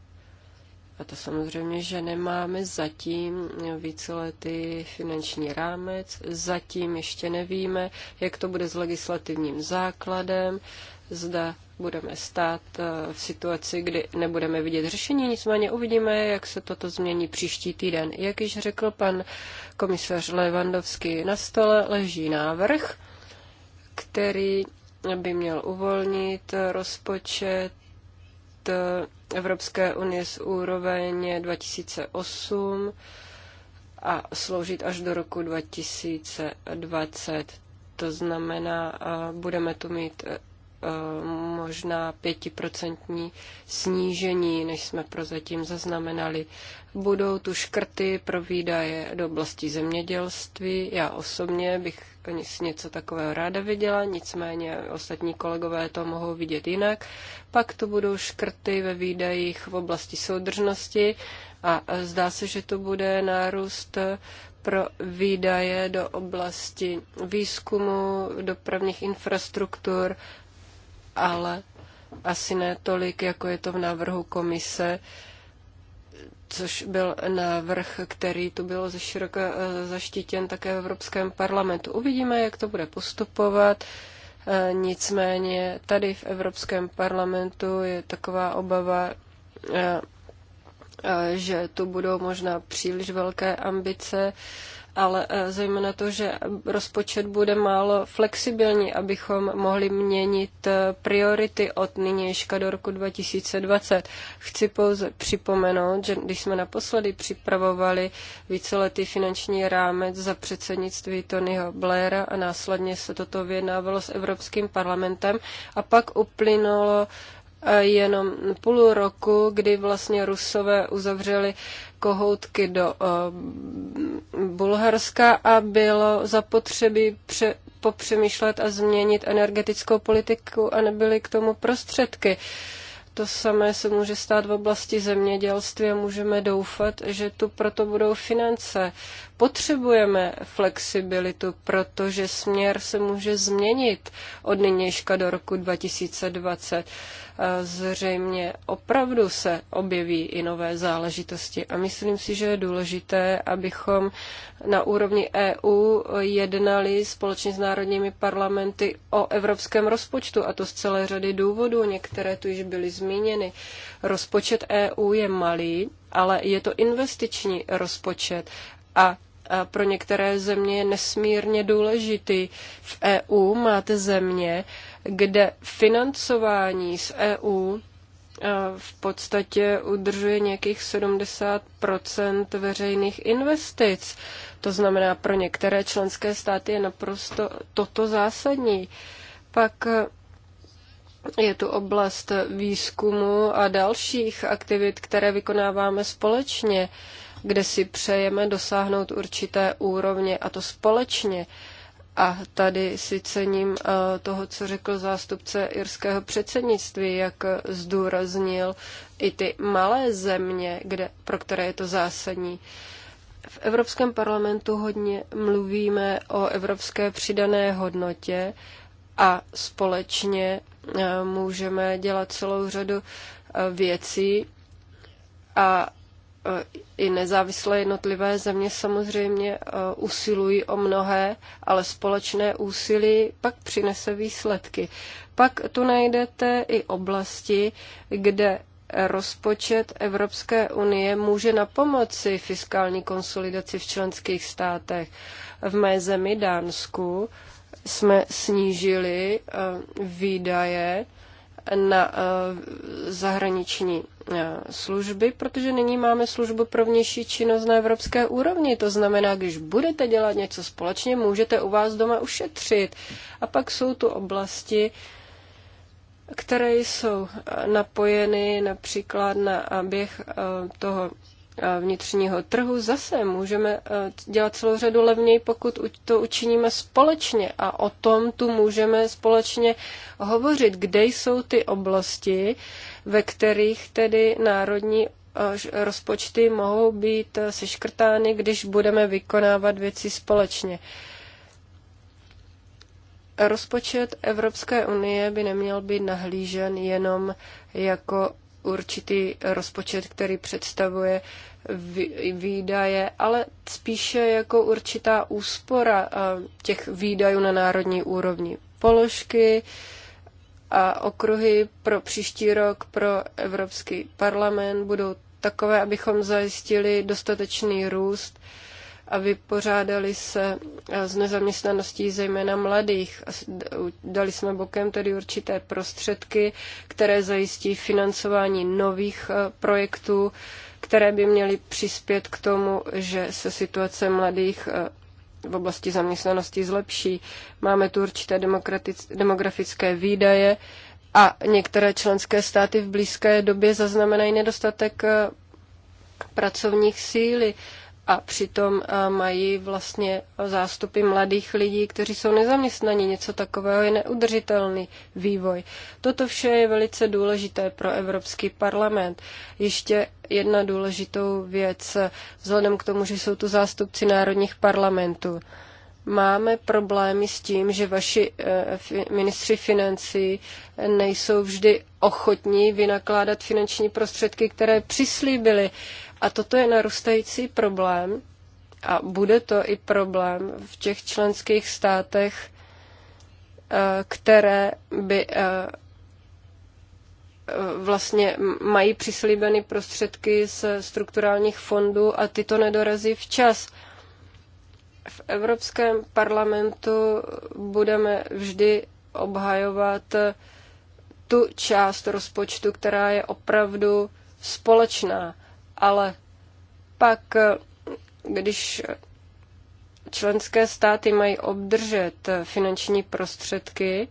a to samozřejmě, že nemáme zatím víceletý finanční rámec, zatím ještě nevíme, jak to bude s legislativním základem, zda budeme stát eh, v situaci, kdy nebudeme vidět řešení, nicméně uvidíme, jak se toto změní příští týden. Jak již řekl pan komisař Levandovský, na stole leží návrh, který by měl uvolnit rozpočet eh, Evropské unie z úroveň 2008 a sloužit až do roku 2020. To znamená, eh, budeme tu mít Eh, možná pětiprocentní snížení, než jsme prozatím zaznamenali. Budou tu škrty pro výdaje do oblasti zemědělství. Já osobně bych něco takového ráda viděla, nicméně ostatní kolegové to mohou vidět jinak. Pak tu budou škrty ve výdajích v oblasti soudržnosti a zdá se, že to bude nárůst pro výdaje do oblasti výzkumu, dopravních infrastruktur ale asi ne tolik, jako je to v návrhu komise, což byl návrh, který tu byl zeširoka eh, zaštítěn také v Evropském parlamentu. Uvidíme, jak to bude postupovat. Eh, nicméně tady v Evropském parlamentu je taková obava, eh, že tu budou možná příliš velké ambice ale eh, zejména to, že rozpočet bude málo flexibilní, abychom mohli měnit eh, priority od nynějška do roku 2020. Chci pouze připomenout, že když jsme naposledy připravovali víceletý finanční rámec za předsednictví Tonyho Blaira a následně se toto vyjednávalo s Evropským parlamentem a pak uplynulo jenom půl roku, kdy vlastně Rusové uzavřeli kohoutky do eh, Bulharska a bylo zapotřebí pře- popřemýšlet a změnit energetickou politiku a nebyly k tomu prostředky. To samé se může stát v oblasti zemědělství a můžeme doufat, že tu proto budou finance. Potřebujeme flexibilitu, protože směr se může změnit od nynějška do roku 2020 zřejmě opravdu se objeví i nové záležitosti. A myslím si, že je důležité, abychom na úrovni EU jednali společně s národními parlamenty o evropském rozpočtu, a to z celé řady důvodů. Některé tu již byly zmíněny. Rozpočet EU je malý, ale je to investiční rozpočet. A a pro některé země je nesmírně důležitý. V EU máte země, kde financování z EU eh, v podstatě udržuje nějakých 70 veřejných investic. To znamená, pro některé členské státy je naprosto toto zásadní. Pak eh, je tu oblast výzkumu a dalších aktivit, které vykonáváme společně, kde si přejeme dosáhnout určité úrovně a to společně. A tady si cením eh, toho, co řekl zástupce irského předsednictví, jak zdůraznil i ty malé země, kde, pro které je to zásadní. V Evropském parlamentu hodně mluvíme o evropské přidané hodnotě a společně eh, můžeme dělat celou řadu eh, věcí a E, i nezávislé jednotlivé země samozřejmě e, usilují o mnohé, ale společné úsilí pak přinese výsledky. Pak tu najdete i oblasti, kde rozpočet Evropské unie může na pomoci fiskální konsolidaci v členských státech. V mé zemi Dánsku jsme snížili e, výdaje na eh, zahraniční eh, služby, protože nyní máme službu pro vnější činnost na evropské úrovni. To znamená, když budete dělat něco společně, můžete u vás doma ušetřit. A pak jsou tu oblasti, které jsou eh, napojeny například na běh toho Eh, vnitřního trhu, zase můžeme eh, dělat celou řadu levněji, pokud to učiníme společně. A o tom tu můžeme společně hovořit, kde jsou ty oblasti, ve kterých tedy národní eh, rozpočty mohou být seškrtány, když budeme vykonávat věci společně. Rozpočet Evropské unie by neměl být nahlížen jenom jako určitý rozpočet, který představuje výdaje, ale spíše jako určitá úspora těch výdajů na národní úrovni. Položky a okruhy pro příští rok pro Evropský parlament budou takové, abychom zajistili dostatečný růst a vypořádali se eh, s nezaměstnaností zejména mladých. Dali jsme bokem tedy určité prostředky, které zajistí financování nových eh, projektů, které by měly přispět k tomu, že se situace mladých eh, v oblasti zaměstnanosti zlepší. Máme tu určité demografické výdaje a některé členské státy v blízké době zaznamenají nedostatek pracovních síly a přitom eh, mají vlastně zástupy mladých lidí, kteří jsou nezaměstnaní. Něco takového je neudržitelný vývoj. Toto vše je velice důležité pro Evropský parlament. Ještě jedna důležitou věc, vzhledem k tomu, že jsou tu zástupci národních parlamentů. Máme problémy s tím, že vaši eh, ministři financí nejsou vždy ochotní vynakládat finanční prostředky, které přislíbili a toto je narůstající problém a bude to i problém v těch členských státech, eh, které by eh, vlastně mají přislíbeny prostředky z strukturálních fondů a ty to nedorazí včas. V Evropském parlamentu budeme vždy obhajovat eh, tu část rozpočtu, která je opravdu společná ale pak, když členské státy mají obdržet finanční prostředky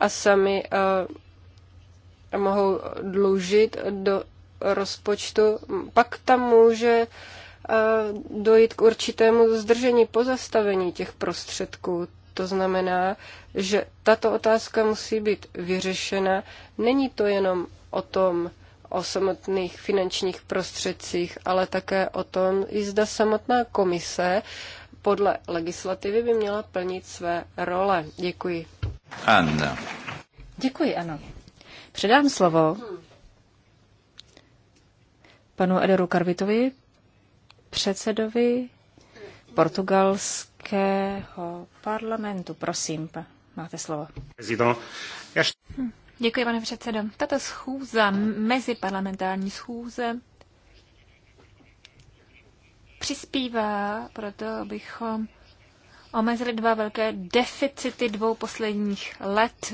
a sami eh, mohou dlužit do rozpočtu, pak tam může eh, dojít k určitému zdržení pozastavení těch prostředků. To znamená, že tato otázka musí být vyřešena. Není to jenom o tom, o samotných finančních prostředcích, ale také o tom, i zda samotná komise podle legislativy by měla plnit své role. Děkuji. Anna. Děkuji, ano. Předám slovo panu Ederu Karvitovi, předsedovi portugalského parlamentu. Prosím, máte slovo. Hm. Děkuji, pane předsedo. Tato schůza, meziparlamentární schůze, přispívá proto, abychom omezili dva velké deficity dvou posledních let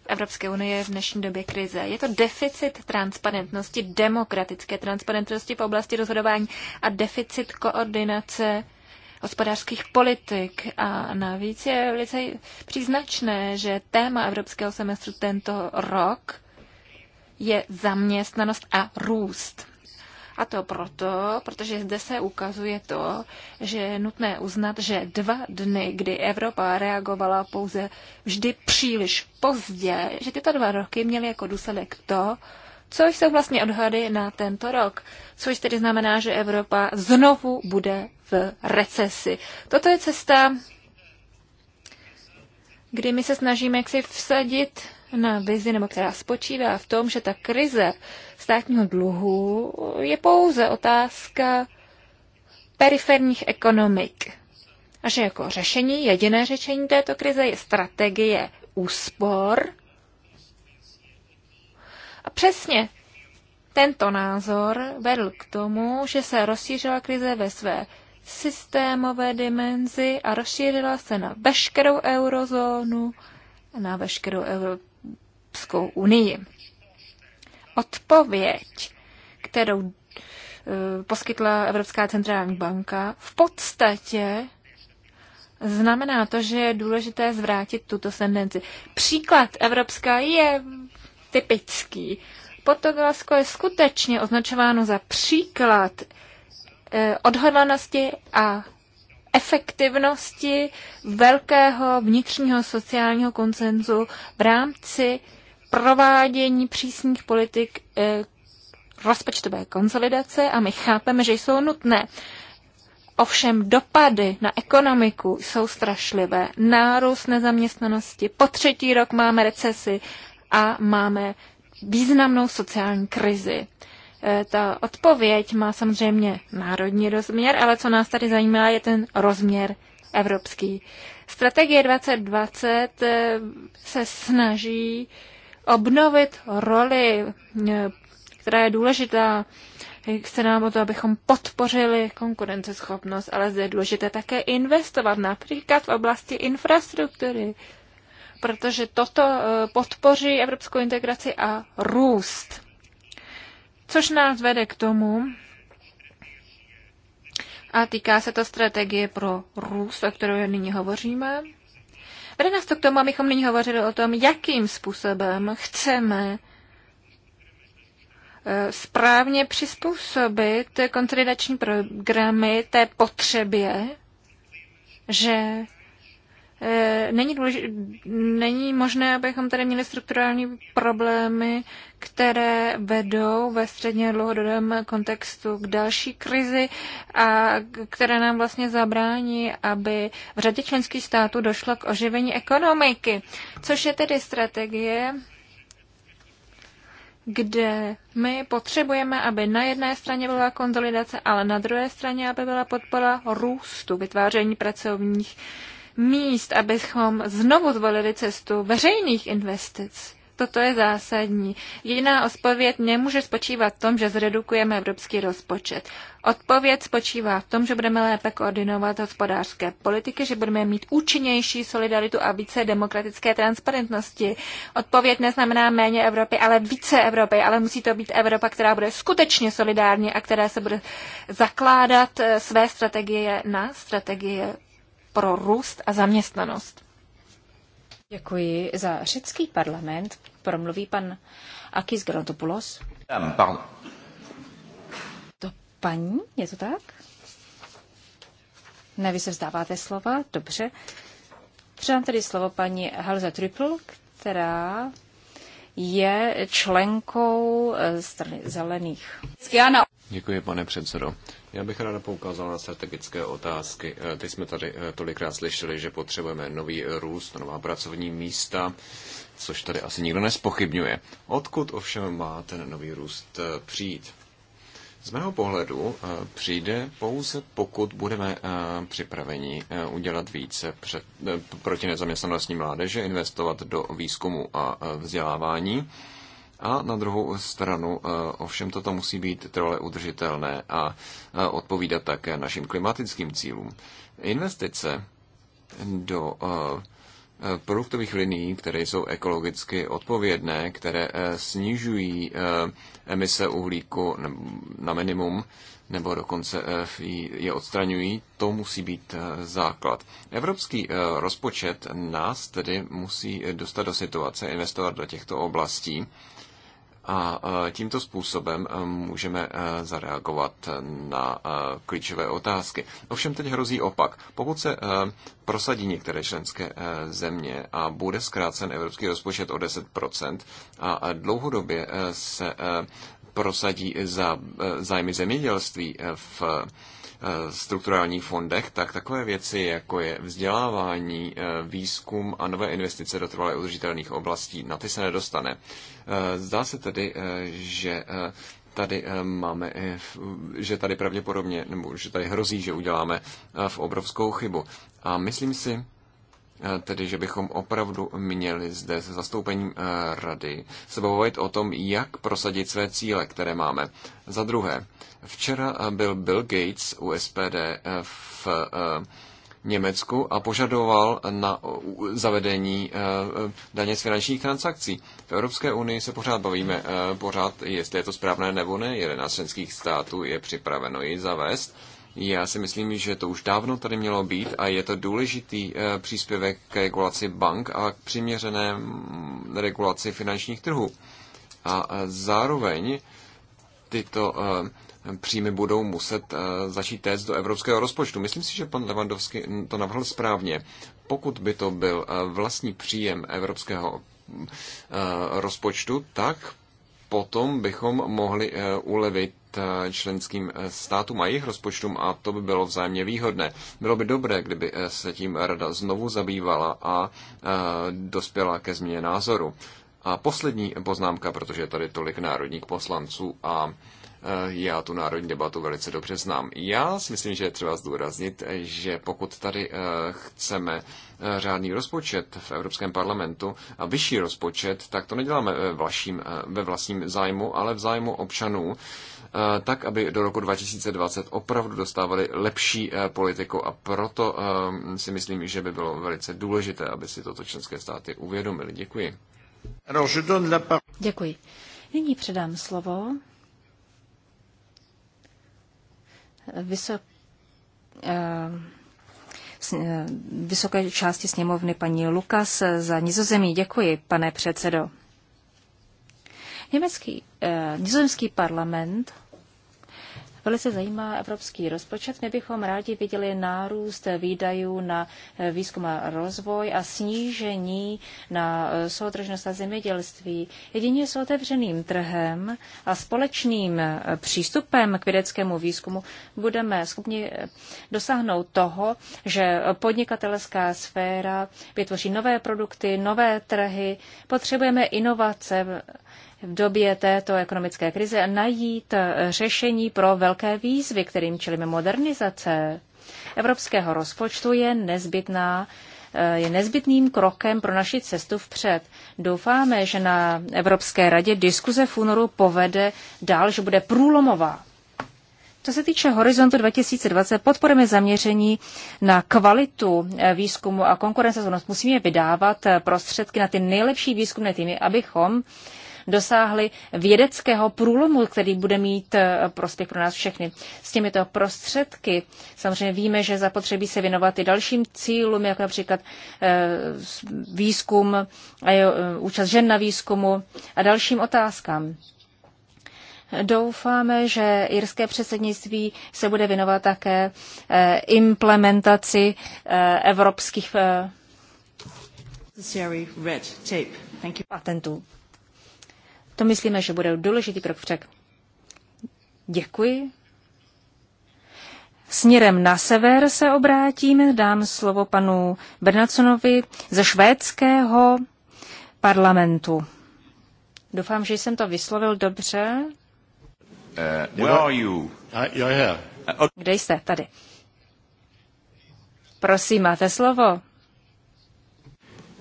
v Evropské unie v dnešní době krize. Je to deficit transparentnosti, demokratické transparentnosti v oblasti rozhodování a deficit koordinace hospodářských politik. A navíc je velice příznačné, že téma evropského semestru tento rok je zaměstnanost a růst. A to proto, protože zde se ukazuje to, že je nutné uznat, že dva dny, kdy Evropa reagovala pouze vždy příliš pozdě, že tyto dva roky měly jako důsledek to, co jsou vlastně odhady na tento rok, což tedy znamená, že Evropa znovu bude v recesi. Toto je cesta, kdy my se snažíme jaksi vsadit na vizi, nebo která spočívá v tom, že ta krize státního dluhu je pouze otázka periferních ekonomik. A že jako řešení, jediné řešení této krize je strategie úspor, přesně tento názor vedl k tomu, že se rozšířila krize ve své systémové dimenzi a rozšířila se na veškerou eurozónu a na veškerou Evropskou unii. Odpověď, kterou eh, poskytla Evropská centrální banka, v podstatě znamená to, že je důležité zvrátit tuto tendenci. Příklad Evropská je typický. Portugalsko je skutečně označováno za příklad eh, odhodlanosti a efektivnosti velkého vnitřního sociálního koncenzu v rámci provádění přísných politik eh, rozpočtové konsolidace a my chápeme, že jsou nutné. Ovšem dopady na ekonomiku jsou strašlivé. Nárůst nezaměstnanosti, po třetí rok máme recesi, a máme významnou sociální krizi. E, ta odpověď má samozřejmě národní rozměr, ale co nás tady zajímá, je ten rozměr evropský. Strategie 2020 e, se snaží obnovit roli, e, která je důležitá Se nám o to, abychom podpořili konkurenceschopnost, ale zde je důležité také investovat například v oblasti infrastruktury, protože toto eh, podpoří evropskou integraci a růst. Což nás vede k tomu, a týká se to strategie pro růst, o kterou nyní hovoříme. Vede nás to k tomu, abychom nyní hovořili o tom, jakým způsobem chceme eh, správně přizpůsobit konsolidační programy té potřebě, že Eh, není, důleži- není možné, abychom tady měli strukturální problémy, které vedou ve středně dlouhodobém kontextu k další krizi a které nám vlastně zabrání, aby v řadě členských států došlo k oživení ekonomiky, což je tedy strategie, kde my potřebujeme, aby na jedné straně byla konsolidace, ale na druhé straně, aby byla podpora růstu, vytváření pracovních míst, abychom znovu zvolili cestu veřejných investic. Toto je zásadní. Jiná odpověď nemůže spočívat v tom, že zredukujeme evropský rozpočet. Odpověď spočívá v tom, že budeme lépe koordinovat hospodářské politiky, že budeme mít účinnější solidaritu a více demokratické transparentnosti. Odpověď neznamená méně Evropy, ale více Evropy, ale musí to být Evropa, která bude skutečně solidární a která se bude zakládat eh, své strategie na strategie pro růst a zaměstnanost. Děkuji. Za řecký parlament promluví pan Akis Grantopoulos. Pardon. To paní, je to tak? Ne, vy se vzdáváte slova, dobře. Předám tedy slovo paní Halza Triple, která je členkou eh, strany zelených. Děkuji, pane předsedo. Já bych ráda poukázal na strategické otázky. Eh, Teď jsme tady eh, tolikrát slyšeli, že potřebujeme nový růst, nová pracovní místa, což tady asi nikdo nespochybňuje. Odkud ovšem má ten nový růst eh, přijít? Z mého pohledu přijde pouze, pokud budeme připraveni udělat více před, proti nezaměstnanosti mládeže, investovat do výzkumu a vzdělávání a na druhou stranu eh, ovšem toto musí být trvale udržitelné a eh, odpovídat také našim klimatickým cílům. Investice do eh, produktových linií, které jsou ekologicky odpovědné, které snižují emise uhlíku na minimum, nebo dokonce je odstraňují, to musí být základ. Evropský rozpočet nás tedy musí dostat do situace investovat do těchto oblastí a e, tímto způsobem e, můžeme e, zareagovat na klíčové otázky. Ovšem teď hrozí opak. Pokud se prosadí některé členské země a bude zkrácen evropský rozpočet o 10% a dlouhodobě se prosadí za zájmy zemědělství v Eh, strukturálních fondech, tak takové věci, jako je vzdělávání, eh, výzkum a nové investice do trvale udržitelných oblastí, na ty se nedostane. Eh, zdá se tedy, že tady máme, že tady pravděpodobně, nebo že tady hrozí, že uděláme v obrovskou chybu. A myslím si, Eh, tedy že bychom opravdu měli zde se zastoupením eh, rady se bavit o tom, jak prosadit své cíle, které máme. Za druhé, včera eh, byl Bill Gates u SPD v Německu a požadoval na zavedení daně z finančních transakcí. V Evropské unii se pořád bavíme, pořád, jestli je to správné nebo ne, 11 členských států je připraveno ji zavést já si myslím, že to už dávno tady mělo být a je to důležitý eh, příspěvek k regulaci bank a k přiměřené mm, regulaci finančních trhů. A eh, zároveň tyto eh, příjmy budou muset začít téct do evropského rozpočtu. Myslím si, že pan Levandovský to navrhl správně. Pokud by to byl vlastní příjem evropského rozpočtu, tak potom bychom mohli ulevit Eh, členským eh, státům a jejich rozpočtům a to by bylo vzájemně výhodné. Bylo by dobré, kdyby eh, se tím rada znovu zabývala a dospěla ke změně názoru. A poslední poznámka, protože je tady tolik národních poslanců a já tu národní debatu velice dobře znám. Já si myslím, že je třeba zdůraznit, že pokud tady chceme řádný rozpočet v Evropském parlamentu a vyšší rozpočet, tak to neděláme ve vlastním, ve vlastním zájmu, ale v zájmu občanů Eh, tak aby do roku 2020 opravdu dostávali lepší eh, politiku a proto eh, si myslím, že by bylo velice důležité, aby si toto členské státy uvědomili. Děkuji. Děkuji. Nyní předám slovo vysok, vysoké části sněmovny paní Lukas za nizozemí. Děkuji, pane předsedo. Německý, eh, nizozemský parlament velice zajímá evropský rozpočet. My bychom rádi viděli nárůst výdajů na eh, výzkum a rozvoj a snížení na eh, soudržnost a zemědělství. Jedině s otevřeným trhem a společným eh, přístupem k vědeckému výzkumu budeme schopni dosáhnout toho, že podnikatelská sféra vytvoří nové produkty, nové trhy. Potřebujeme inovace v době této ekonomické krize najít řešení pro velké výzvy, kterým čelíme modernizace evropského rozpočtu je nezbytná eh, je nezbytným krokem pro naši cestu vpřed. Doufáme, že na Evropské radě diskuze v únoru povede dál, že bude průlomová. Co se týče horizontu 2020, podporujeme zaměření na kvalitu eh, výzkumu a konkurenceschopnost. Musíme vydávat eh, prostředky na ty nejlepší výzkumné týmy, abychom dosáhli vědeckého průlomu, který bude mít eh, prospěch pro nás všechny. S těmito prostředky samozřejmě víme, že zapotřebí se věnovat i dalším cílům, jako například eh, výzkum, eh, účast žen na výzkumu a dalším otázkám. Doufáme, že jirské předsednictví se bude věnovat také implementaci evropských patentů. To myslíme, že bude důležitý krok vpřed. Děkuji. Směrem na sever se obrátíme. Dám slovo panu Bernaconovi ze švédského parlamentu. Doufám, že jsem to vyslovil dobře. Uh, where are you? Uh, Kde jste? Tady. Prosím, máte slovo.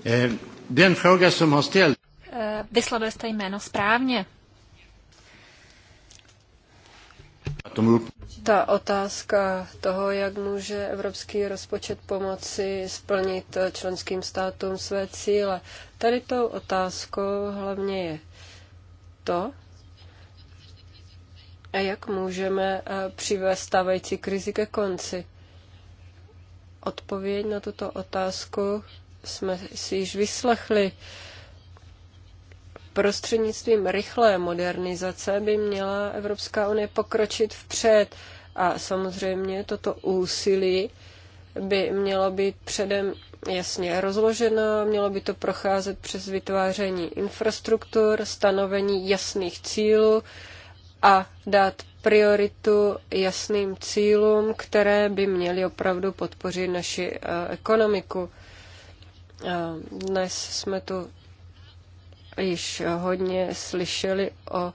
Eh, den fråga som har ställt. Eh, vyslovil jste jméno správně. Ta otázka toho, jak může evropský rozpočet pomoci splnit členským státům své cíle. Tady tou otázkou hlavně je to, a jak můžeme eh, přivést stávající krizi ke konci. Odpověď na tuto otázku jsme si již vyslechli. Prostřednictvím rychlé modernizace by měla Evropská unie pokročit vpřed a samozřejmě toto úsilí by mělo být předem jasně rozloženo, mělo by to procházet přes vytváření infrastruktur, stanovení jasných cílů a dát prioritu jasným cílům, které by měly opravdu podpořit naši eh, ekonomiku. Eh, dnes jsme tu již hodně slyšeli o,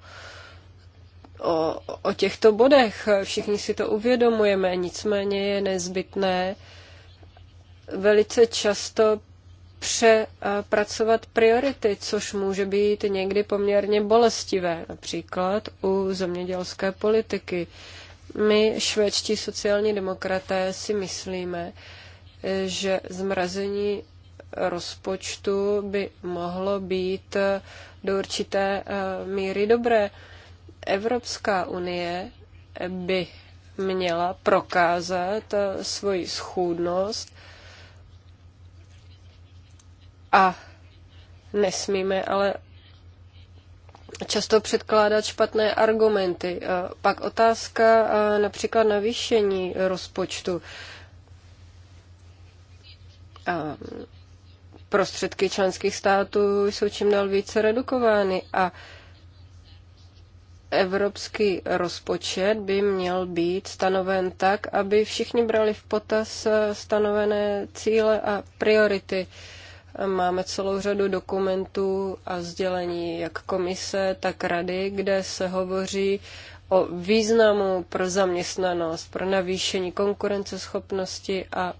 o, o těchto bodech. Všichni si to uvědomujeme, nicméně je nezbytné velice často přepracovat priority, což může být někdy poměrně bolestivé, například u zemědělské politiky. My, švédští sociální demokraté, si myslíme, že zmrazení rozpočtu by mohlo být do určité eh, míry dobré. Evropská unie by měla prokázat eh, svoji schůdnost a nesmíme ale často předkládat špatné argumenty. Eh, pak otázka například navýšení rozpočtu prostředky členských států jsou čím dál více redukovány a evropský rozpočet by měl být stanoven tak, aby všichni brali v potaz stanovené cíle a priority. Máme celou řadu dokumentů a sdělení jak komise, tak rady, kde se hovoří o významu pro zaměstnanost, pro navýšení konkurenceschopnosti a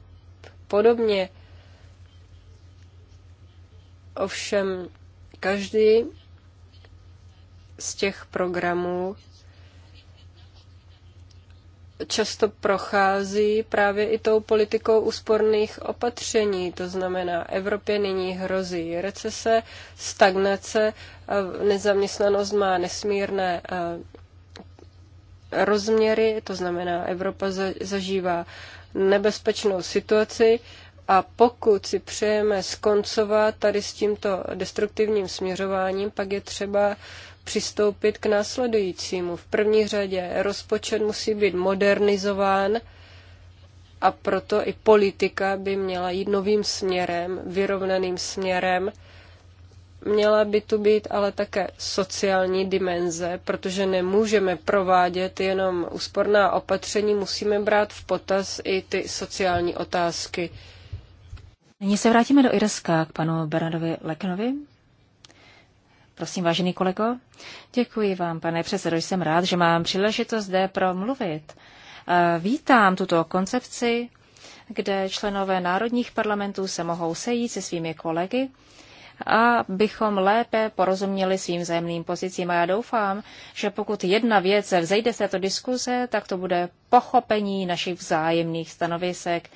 podobně. Ovšem každý z těch programů často prochází právě i tou politikou úsporných opatření. To znamená, Evropě nyní hrozí recese, stagnace, nezaměstnanost má nesmírné eh, rozměry, to znamená, Evropa zažívá nebezpečnou situaci a pokud si přejeme skoncovat tady s tímto destruktivním směřováním, pak je třeba přistoupit k následujícímu. V první řadě rozpočet musí být modernizován a proto i politika by měla jít novým směrem, vyrovnaným směrem. Měla by tu být ale také sociální dimenze, protože nemůžeme provádět jenom úsporná opatření, musíme brát v potaz i ty sociální otázky. Nyní se vrátíme do Irska k panu Bernardovi Leknovi. Prosím, vážený kolego. Děkuji vám, pane předsedo, jsem rád, že mám příležitost zde promluvit. Eh, vítám tuto koncepci, kde členové národních parlamentů se mohou sejít se svými kolegy a bychom lépe porozuměli svým zemným pozicím. A já doufám, že pokud jedna věc vzejde z této diskuze, tak to bude pochopení našich vzájemných stanovisek.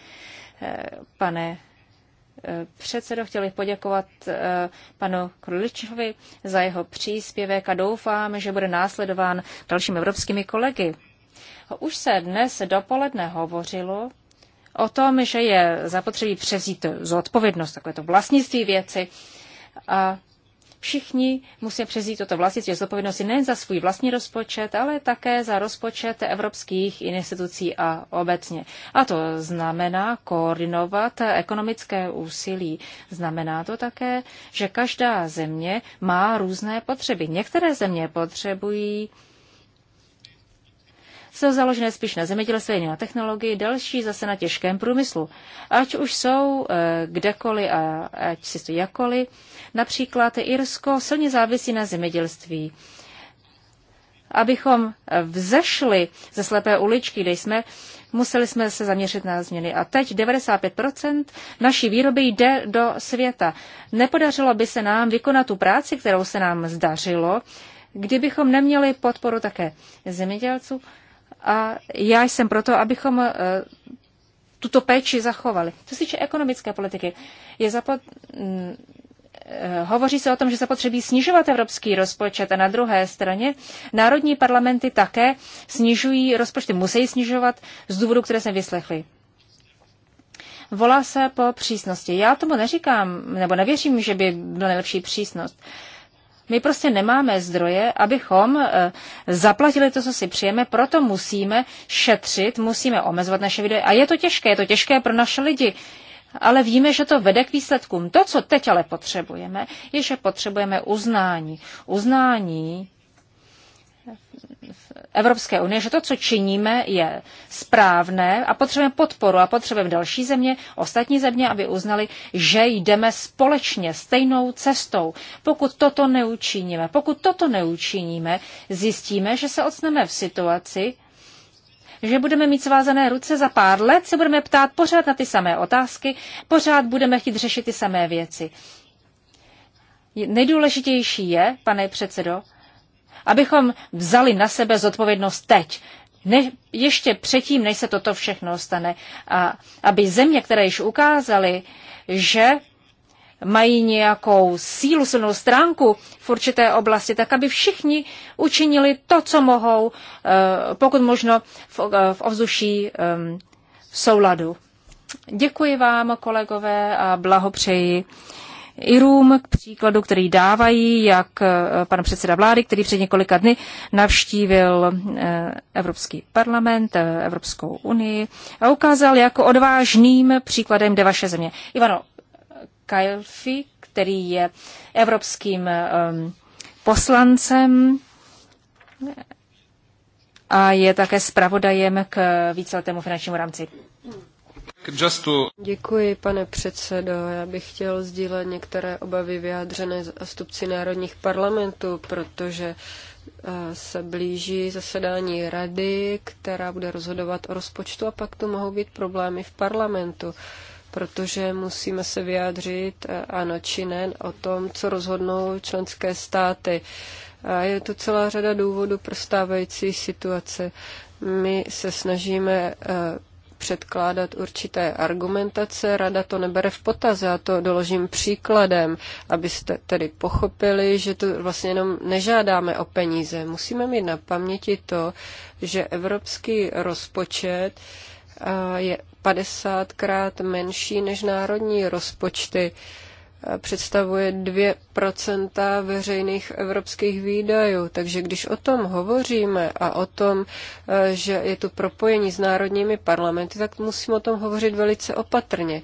Eh, pane předsedo, chtěl bych poděkovat eh, panu Kruličovi za jeho příspěvek a doufám, že bude následován dalšími evropskými kolegy. Už se dnes dopoledne hovořilo o tom, že je zapotřebí převzít zodpovědnost, takové to vlastnictví věci a Všichni musíme přezít toto vlastnictví zodpovědnosti nejen za svůj vlastní rozpočet, ale také za rozpočet evropských institucí a obecně. A to znamená koordinovat ekonomické úsilí. Znamená to také, že každá země má různé potřeby. Některé země potřebují jsou založené spíš na zemědělství, na technologii, další zase na těžkém průmyslu. Ať už jsou eh, kdekoliv a ať si to jakoliv, například Irsko silně závisí na zemědělství abychom eh, vzešli ze slepé uličky, kde jsme, museli jsme se zaměřit na změny. A teď 95% naší výroby jde do světa. Nepodařilo by se nám vykonat tu práci, kterou se nám zdařilo, kdybychom neměli podporu také zemědělců, a já jsem proto, abychom eh, tuto péči zachovali. Co se týče ekonomické politiky, je zapot... Mm, eh, hovoří se o tom, že zapotřebí snižovat evropský rozpočet a na druhé straně národní parlamenty také snižují rozpočty, musí snižovat z důvodu, které jsme vyslechli. Volá se po přísnosti. Já tomu neříkám, nebo nevěřím, že by byla nejlepší přísnost. Uh, my prostě nemáme zdroje, abychom e, zaplatili to, co si přijeme, proto musíme šetřit, musíme omezovat naše výdaje. A je to těžké, je to těžké pro naše lidi, ale víme, že to vede k výsledkům. To, co teď ale potřebujeme, je, že potřebujeme uznání. Uznání Evropské unie, že to, co činíme, je správné a potřebujeme podporu a potřebujeme další země, ostatní země, aby uznali, že jdeme společně stejnou cestou. Pokud toto neučiníme, pokud toto neučiníme, zjistíme, že se odsneme v situaci, že budeme mít svázané ruce za pár let, se budeme ptát pořád na ty samé otázky, pořád budeme chtít řešit ty samé věci. Nejdůležitější je, pane předsedo, abychom vzali na sebe zodpovědnost teď, ne, ještě předtím, než se toto všechno stane. A aby země, které již ukázaly, že mají nějakou sílu, silnou stránku v určité oblasti, tak aby všichni učinili to, co mohou, eh, pokud možno v, eh, v ovzduší eh, v souladu. Děkuji vám, kolegové, a blahopřeji Irům, k příkladu, který dávají, jak eh, pan předseda vlády, který před několika dny navštívil eh, Evropský parlament, eh, Evropskou unii a ukázal jako odvážným příkladem, de vaše země. Ivano Kajlfi, který je evropským ehm, poslancem a je také zpravodajem k víceletému finančnímu rámci. Děkuji, pane předsedo. Já bych chtěl sdílet některé obavy vyjádřené zástupci národních parlamentů, protože eh, se blíží zasedání rady, která bude rozhodovat o rozpočtu a pak tu mohou být problémy v parlamentu, protože musíme se vyjádřit eh, ano či ne o tom, co rozhodnou členské státy. A je tu celá řada důvodů pro stávající situace. My se snažíme eh, předkládat určité argumentace, rada to nebere v potaz, já to doložím příkladem, abyste tedy pochopili, že to vlastně jenom nežádáme o peníze. Musíme mít na paměti to, že evropský rozpočet je 50krát menší než národní rozpočty. Uh, představuje 2 veřejných evropských výdajů. Takže když o tom hovoříme a o tom, e, že je to propojení s národními parlamenty, tak musíme o tom hovořit velice opatrně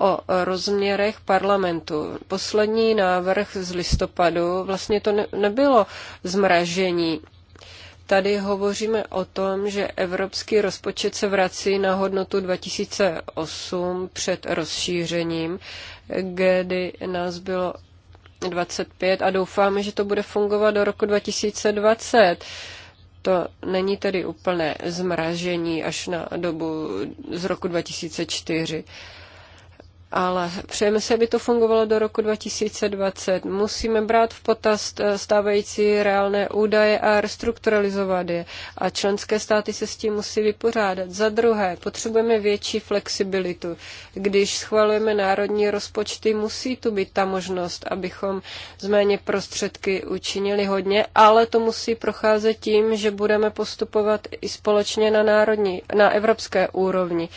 o rozměrech parlamentu. Poslední návrh z listopadu vlastně to nebylo zmražení. Tady hovoříme o tom, že evropský rozpočet se vrací na hodnotu 2008 před rozšířením kdy nás bylo 25 a doufáme, že to bude fungovat do roku 2020. To není tedy úplné zmražení až na dobu z roku 2004 ale přejeme se, aby to fungovalo do roku 2020. Musíme brát v potaz eh, stávající reálné údaje a restrukturalizovat je. A členské státy se s tím musí vypořádat. Za druhé, potřebujeme větší flexibilitu. Když schvalujeme národní rozpočty, musí tu být ta možnost, abychom z méně prostředky učinili hodně, ale to musí procházet tím, že budeme postupovat i společně na, národní, na evropské úrovni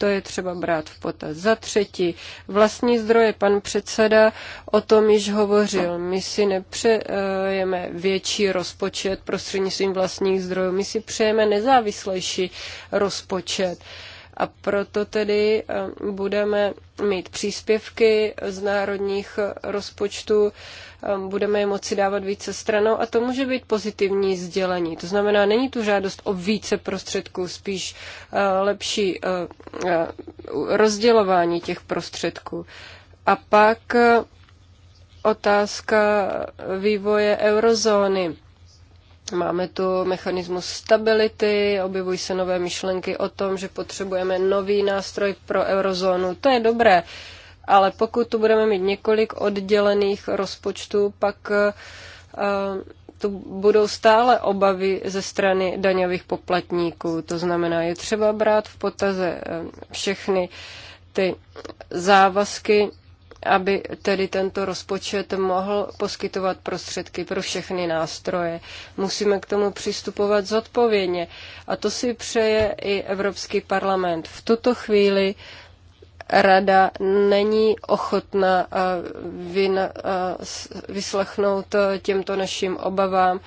to je třeba brát v potaz. Za třetí, vlastní zdroje, pan předseda o tom již hovořil. My si nepřejeme větší rozpočet prostřednictvím vlastních zdrojů, my si přejeme nezávislejší rozpočet a proto tedy eh, budeme mít příspěvky z národních rozpočtů Ehm, budeme je moci dávat více stranou a to může být pozitivní sdělení. To znamená, není tu žádost o více prostředků, spíš eh, lepší eh, eh, rozdělování těch prostředků. A pak otázka vývoje eurozóny. Máme tu mechanismus stability, objevují se nové myšlenky o tom, že potřebujeme nový nástroj pro eurozónu. To je dobré. Uh, ale pokud tu budeme mít několik oddělených rozpočtů, pak eh, tu budou stále obavy ze strany daňových poplatníků. To znamená, je třeba brát v potaze eh, všechny ty závazky, aby tedy tento rozpočet mohl poskytovat prostředky pro všechny nástroje. Musíme k tomu přistupovat zodpovědně a to si přeje i Evropský parlament. V tuto chvíli rada není ochotna eh, vyn, eh, vyslechnout eh, těmto našim obavám.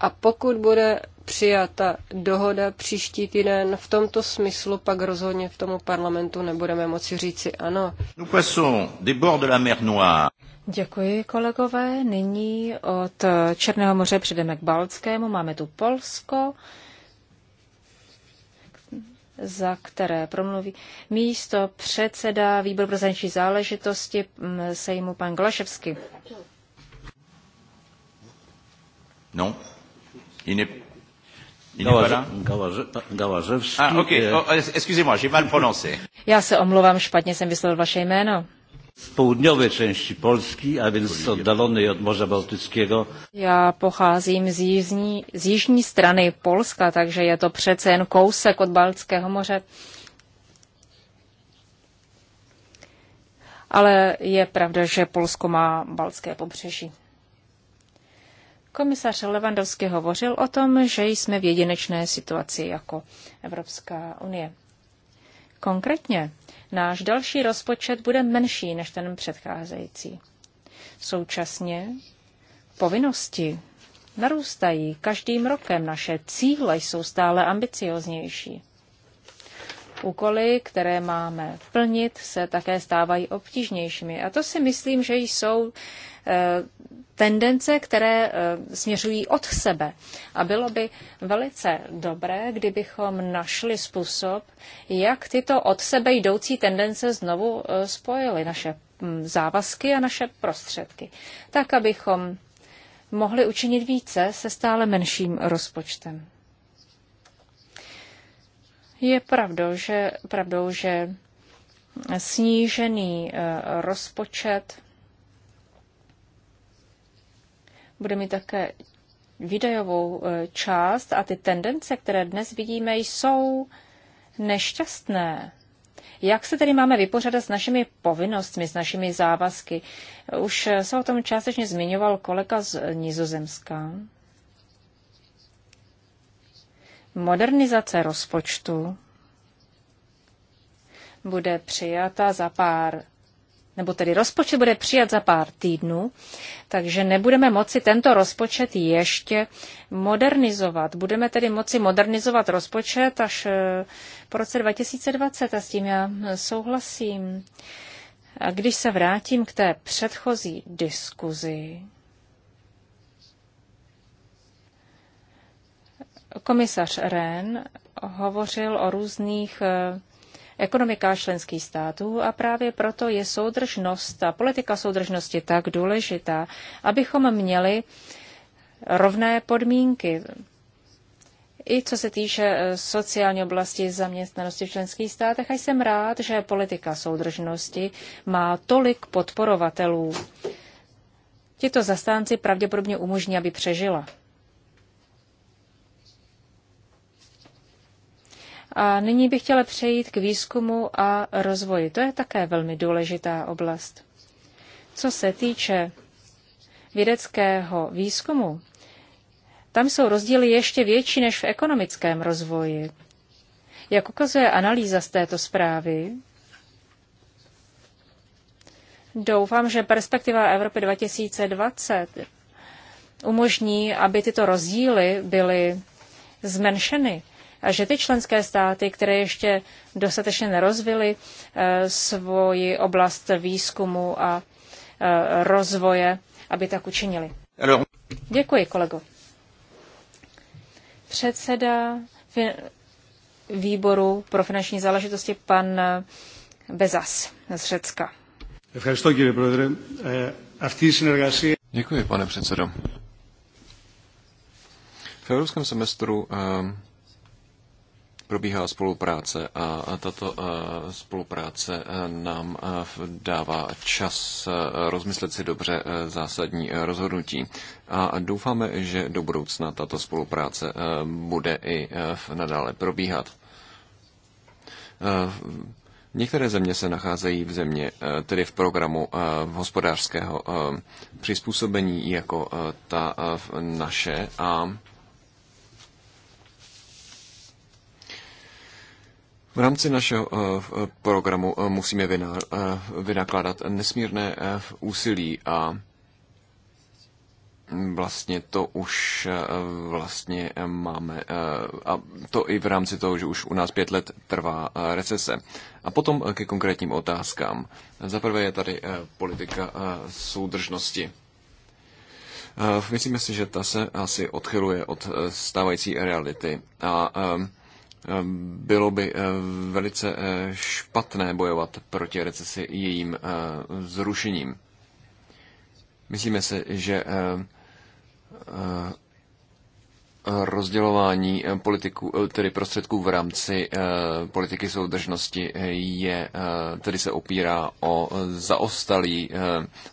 A pokud bude přijata dohoda příští týden, v tomto smyslu pak rozhodně v tomu parlamentu nebudeme moci říci ano. Děkuji, kolegové. Nyní od Černého moře přejdeme k Balckému. Máme tu Polsko za které promluví místo předseda výboru pro zahraniční záležitosti mm, sejmu pan Glaševsky. No, jiný Galaževský. Ah, okay. oh, excusez-moi, j'ai mal prononcé. Já se omlouvám, špatně jsem vyslovil vaše jméno z południowej części Polski, a więc oddalonej od Morza Bałtyckiego. Ja pocházím z jižní, z jižní strany Polska, takže je to přece jen kousek od Baltského moře. Ale je pravda, že Polsko má baltské pobřeží. Komisař Levandovský hovořil o tom, že jsme v jedinečné situaci jako Evropská unie. Konkrétně náš další rozpočet bude menší než ten předcházející. Současně povinnosti narůstají každým rokem, naše cíle jsou stále ambicioznější. Úkoly, které máme plnit, se také stávají obtížnějšími. A to si myslím, že jsou tendence, které eh, směřují od sebe. A bylo by velice dobré, kdybychom našli způsob, jak tyto od sebe jdoucí tendence znovu eh, spojily naše mm, závazky a naše prostředky, tak abychom mohli učinit více se stále menším rozpočtem. Je pravdou, že, pravdou, že snížený eh, rozpočet bude mít také videovou e, část a ty tendence, které dnes vidíme, jsou nešťastné. Jak se tedy máme vypořádat s našimi povinnostmi, s našimi závazky? Už se o tom částečně zmiňoval kolega z Nizozemska. Modernizace rozpočtu bude přijata za pár nebo tedy rozpočet bude přijat za pár týdnů, takže nebudeme moci tento rozpočet ještě modernizovat. Budeme tedy moci modernizovat rozpočet až e, po roce 2020 a s tím já souhlasím. A když se vrátím k té předchozí diskuzi, komisař Ren hovořil o různých e, ekonomika členských států a právě proto je soudržnost a politika soudržnosti tak důležitá, abychom měli rovné podmínky i co se týče e, sociální oblasti zaměstnanosti v členských státech. A jsem rád, že politika soudržnosti má tolik podporovatelů. Tito zastánci pravděpodobně umožní, aby přežila. A nyní bych chtěla přejít k výzkumu a rozvoji. To je také velmi důležitá oblast. Co se týče vědeckého výzkumu, tam jsou rozdíly ještě větší než v ekonomickém rozvoji. Jak ukazuje analýza z této zprávy, doufám, že perspektiva Evropy 2020 umožní, aby tyto rozdíly byly zmenšeny a že ty členské státy, které ještě dostatečně nerozvily eh, svoji oblast výzkumu a eh, rozvoje, aby tak učinili. Děkuji, kolego. Předseda výboru pro finanční záležitosti pan eh, Bezas z Řecka. Děkuji, pane předsedo. V evropském semestru probíhá spolupráce a tato spolupráce nám dává čas rozmyslet si dobře zásadní rozhodnutí. A doufáme, že do budoucna tato spolupráce bude i nadále probíhat. Některé země se nacházejí v země, tedy v programu hospodářského přizpůsobení jako ta naše a V rámci našeho eh, eh, programu eh, musíme vynakládat nesmírné úsilí a vlastně to už vlastně máme, a to i v rámci toho, že už u nás pět let trvá recese. A potom ke konkrétním otázkám. Za prvé je tady politika soudržnosti. Myslíme si, že ta se asi odchyluje od stávající reality a bylo by eh, velice eh, špatné bojovat proti recesi jejím eh, zrušením. Myslíme si, že rozdělování eh, politiku, eh, tedy prostředků v rámci eh, politiky soudržnosti je, tedy se opírá o zaostalý,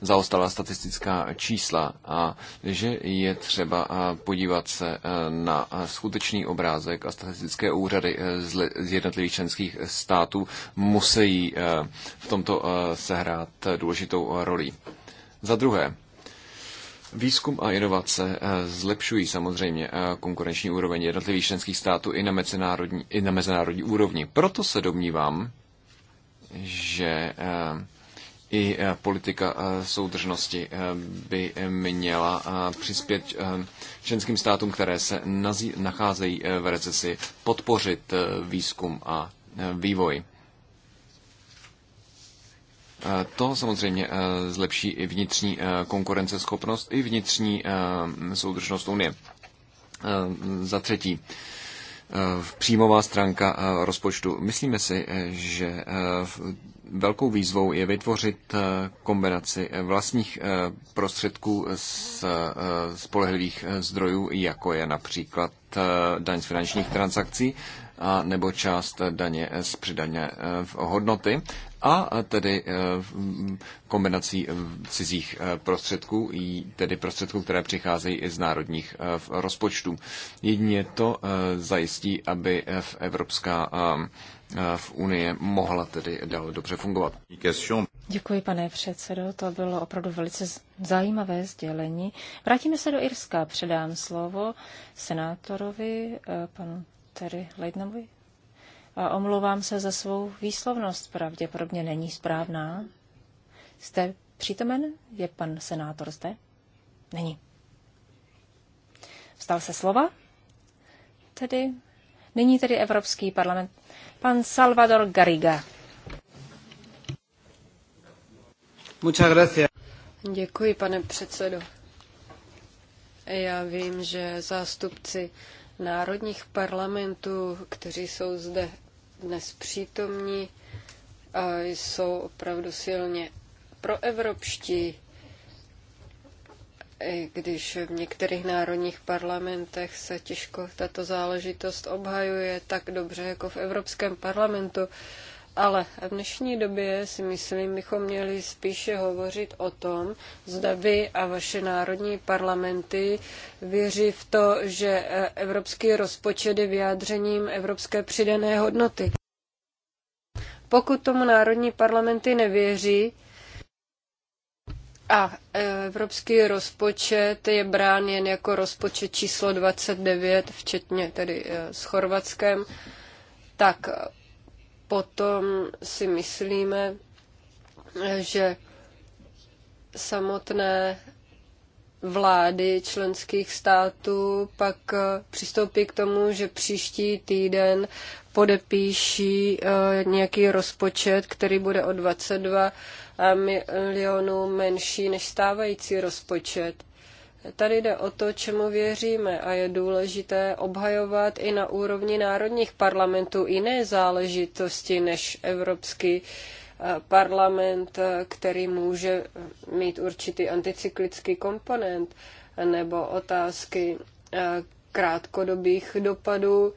zaostalá statistická čísla a že je třeba podívat se na skutečný obrázek a statistické úřady z jednotlivých členských států musí v tomto sehrát důležitou roli. Za druhé, Výzkum a inovace eh, zlepšují samozřejmě eh, konkurenční úroveň jednotlivých členských států i na mezinárodní, i na mezinárodní úrovni. Proto se domnívám, že eh, i politika soudržnosti by měla přispět členským státům, které se nacházejí v recesi, podpořit výzkum a vývoj. Eh, to samozřejmě eh, zlepší i vnitřní eh, konkurenceschopnost, i vnitřní soudržnost Unie. Za třetí, příjmová stránka rozpočtu. Myslíme si, že velkou výzvou je vytvořit kombinaci vlastních prostředků z spolehlivých zdrojů, jako je například daň z finančních transakcí, a nebo část daně z přidaně v hodnoty a tedy eh, kombinací eh, cizích eh, prostředků, tedy prostředků, které přicházejí i z národních rozpočtů. Jedině to zajistí, aby v Evropská v Unie mohla tedy dál dobře fungovat. Děkuji, pane předsedo, to bylo opravdu velice zajímavé sdělení. Vrátíme se do Irska, předám slovo senátorovi, panu Terry Leidnamovi a omlouvám se za svou výslovnost, pravděpodobně není správná. Jste přítomen? Je pan senátor zde? Není. Vstal se slova? Tedy, není tedy Evropský parlament. Pan Salvador Garriga. Muchas gracias. Děkuji, pane předsedo. Já vím, že zástupci národních parlamentů, kteří jsou zde dnes přítomní, jsou opravdu silně proevropští, i když v některých národních parlamentech se těžko tato záležitost obhajuje tak dobře jako v Evropském parlamentu. Ale v dnešní době si myslím, bychom měli spíše hovořit o tom, zda vy a vaše národní parlamenty věří v to, že e, evropský rozpočet je vyjádřením evropské přidané hodnoty. Pokud tomu národní parlamenty nevěří, a e, evropský rozpočet je brán jen jako rozpočet číslo 29, včetně tedy e, s Chorvatskem, tak potom si myslíme, že samotné vlády členských států pak přistoupí k tomu, že příští týden podepíší eh, nějaký rozpočet, který bude o 22 milionů menší než stávající rozpočet. Tady jde o to, čemu věříme a je důležité obhajovat i na úrovni národních parlamentů jiné záležitosti než Evropský eh, parlament, eh, který může mít určitý anticyklický komponent nebo otázky eh, krátkodobých dopadů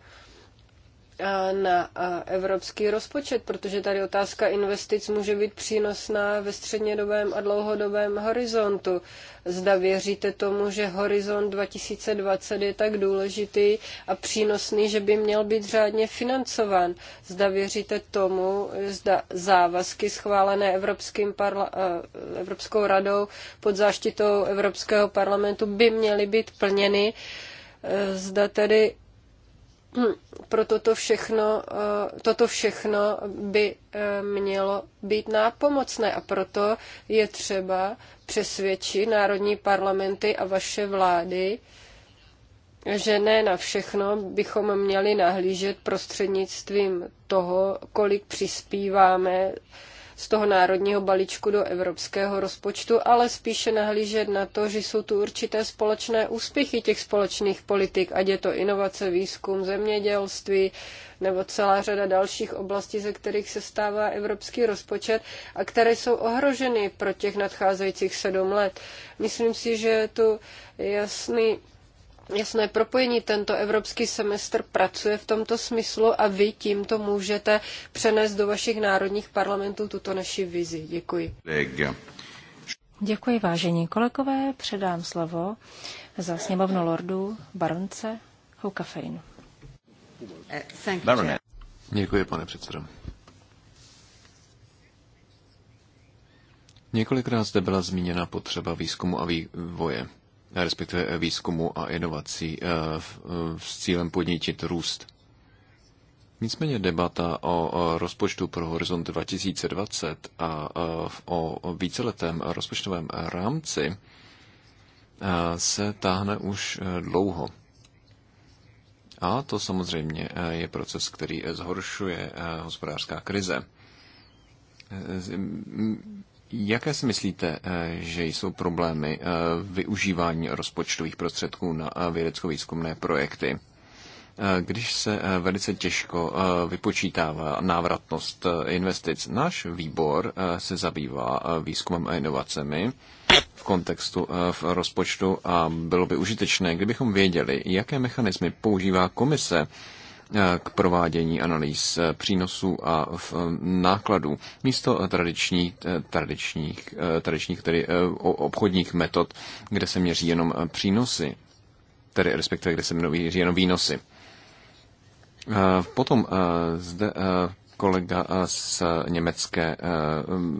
na evropský rozpočet, protože tady otázka investic může být přínosná ve střednědobém a dlouhodobém horizontu. Zda věříte tomu, že horizont 2020 je tak důležitý a přínosný, že by měl být řádně financován. Zda věříte tomu, zda závazky schválené Evropským parla- Evropskou radou pod záštitou Evropského parlamentu by měly být plněny. Zda tedy Hm, pro toto všechno, eh, toto všechno by eh, mělo být nápomocné a proto je třeba přesvědčit národní parlamenty a vaše vlády, že ne na všechno bychom měli nahlížet prostřednictvím toho, kolik přispíváme z toho národního balíčku do evropského rozpočtu, ale spíše nahlížet na to, že jsou tu určité společné úspěchy těch společných politik, ať je to inovace, výzkum, zemědělství nebo celá řada dalších oblastí, ze kterých se stává evropský rozpočet a které jsou ohroženy pro těch nadcházejících sedm let. Myslím si, že je tu jasný jasné propojení. Tento evropský semestr pracuje v tomto smyslu a vy tímto můžete přenést do vašich národních parlamentů tuto naši vizi. Děkuji. Děkuji, vážení kolegové. Předám slovo za sněmovnu lordu baronce Hukafeinu. Baronet. Děkuji, pane předsedo. Několikrát zde byla zmíněna potřeba výzkumu a vývoje respektive výzkumu a inovací eh, eh, s cílem podnítit růst. Nicméně debata o rozpočtu pro horizont 2020 a eh, o víceletém rozpočtovém rámci se táhne už dlouho. A to samozřejmě je proces, který zhoršuje hospodářská krize. Jaké si myslíte, eh, že jsou problémy eh, využívání rozpočtových prostředků na eh, vědecko-výzkumné projekty? Když se velice těžko vypočítává návratnost investic, náš výbor se zabývá výzkumem a inovacemi v kontextu v rozpočtu a bylo by užitečné, kdybychom věděli, jaké mechanismy používá komise Eh, k provádění analýz eh, přínosů a eh, nákladů místo tradiční, tradičních, tradičních tedy obchodních metod, kde se měří jenom přínosy, tedy respektive kde se měří jenom výnosy. Potom zde kolega z německé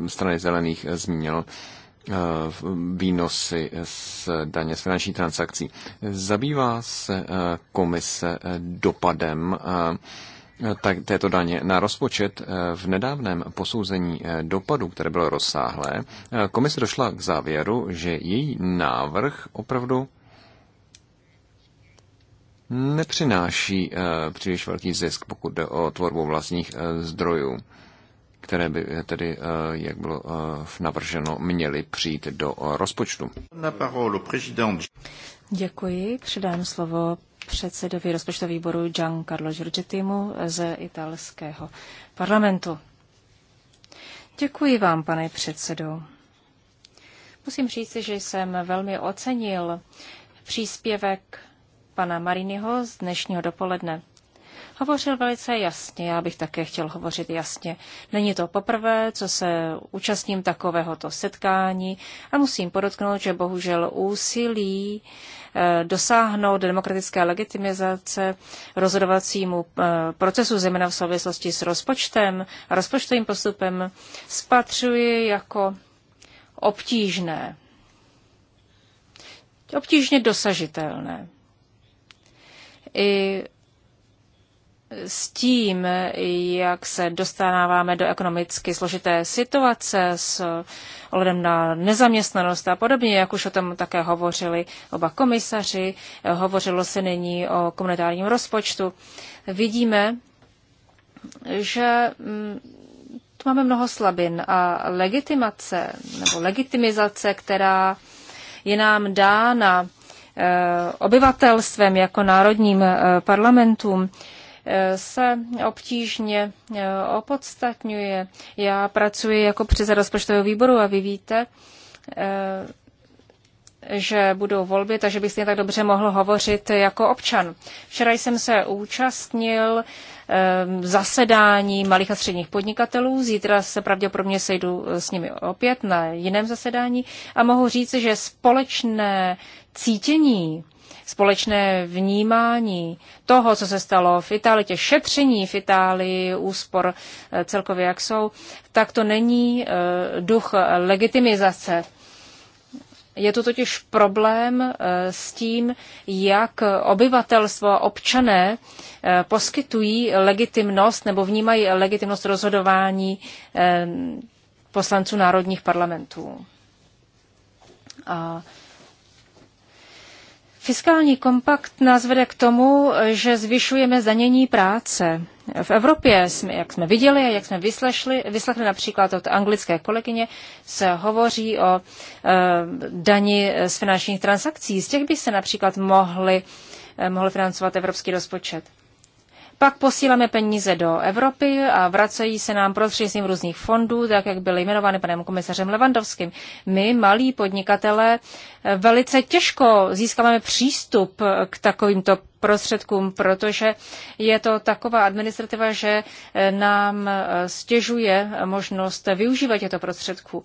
strany zelených zmínil Eh, výnosy z daně z finanční transakcí. Zabývá se eh, komise eh, dopadem tak této daně na rozpočet v nedávném posouzení dopadu, které bylo rozsáhlé, komise došla k závěru, že její návrh opravdu nepřináší příliš velký zisk, pokud jde o tvorbu vlastních zdrojů které by eh, tedy, eh, jak bylo eh, navrženo, měly přijít do rozpočtu. Děkuji. Předám slovo předsedovi rozpočtového výboru Giancarlo Giorgettimu ze italského parlamentu. Děkuji vám, pane předsedo. Musím říct, že jsem velmi ocenil příspěvek pana Mariniho z dnešního dopoledne hovořil velice jasně, já bych také chtěl hovořit jasně. Není to poprvé, co se účastním takovéhoto setkání a musím podotknout, že bohužel úsilí eh, dosáhnout demokratické legitimizace rozhodovacímu eh, procesu, zejména v souvislosti s rozpočtem a rozpočtovým postupem, spatřuji jako obtížné. Obtížně dosažitelné. I s tím, jak se dostáváme do ekonomicky složité situace s ohledem na nezaměstnanost a podobně, jak už o tom také hovořili oba komisaři, hovořilo se nyní o komunitárním rozpočtu, vidíme, že mm, tu máme mnoho slabin a legitimace nebo legitimizace, která je nám dána eh, obyvatelstvem jako národním eh, parlamentům, se obtížně e, opodstatňuje. Já pracuji jako předseda rozpočtového výboru a vy víte, e, že budou volby, takže bych stejně tak dobře mohl hovořit jako občan. Včera jsem se účastnil e, zasedání malých a středních podnikatelů. Zítra se pravděpodobně sejdu s nimi opět na jiném zasedání a mohu říct, že společné cítění společné vnímání toho, co se stalo v Itálii, těch šetření v Itálii, úspor eh, celkově jak jsou, tak to není eh, duch legitimizace. Je to totiž problém eh, s tím, jak obyvatelstvo a občané poskytují legitimnost nebo vnímají legitimnost rozhodování poslanců národních parlamentů. A Fiskální kompakt nás vede k tomu, že zvyšujeme zdanění práce. V Evropě, jsme, jak jsme viděli, a jak jsme vyslechli, vyslechli například od anglické kolegyně, se hovoří o e, dani z finančních transakcí. Z těch by se například mohly, e, mohl financovat evropský rozpočet. Pak posíláme peníze do Evropy a vracejí se nám prostřednictvím různých fondů, tak jak byly jmenovány panem komisařem Levandovským. My, malí podnikatelé, velice těžko získáváme přístup k takovýmto prostředkům, protože je to taková administrativa, že eh, nám eh, stěžuje možnost využívat těto prostředků.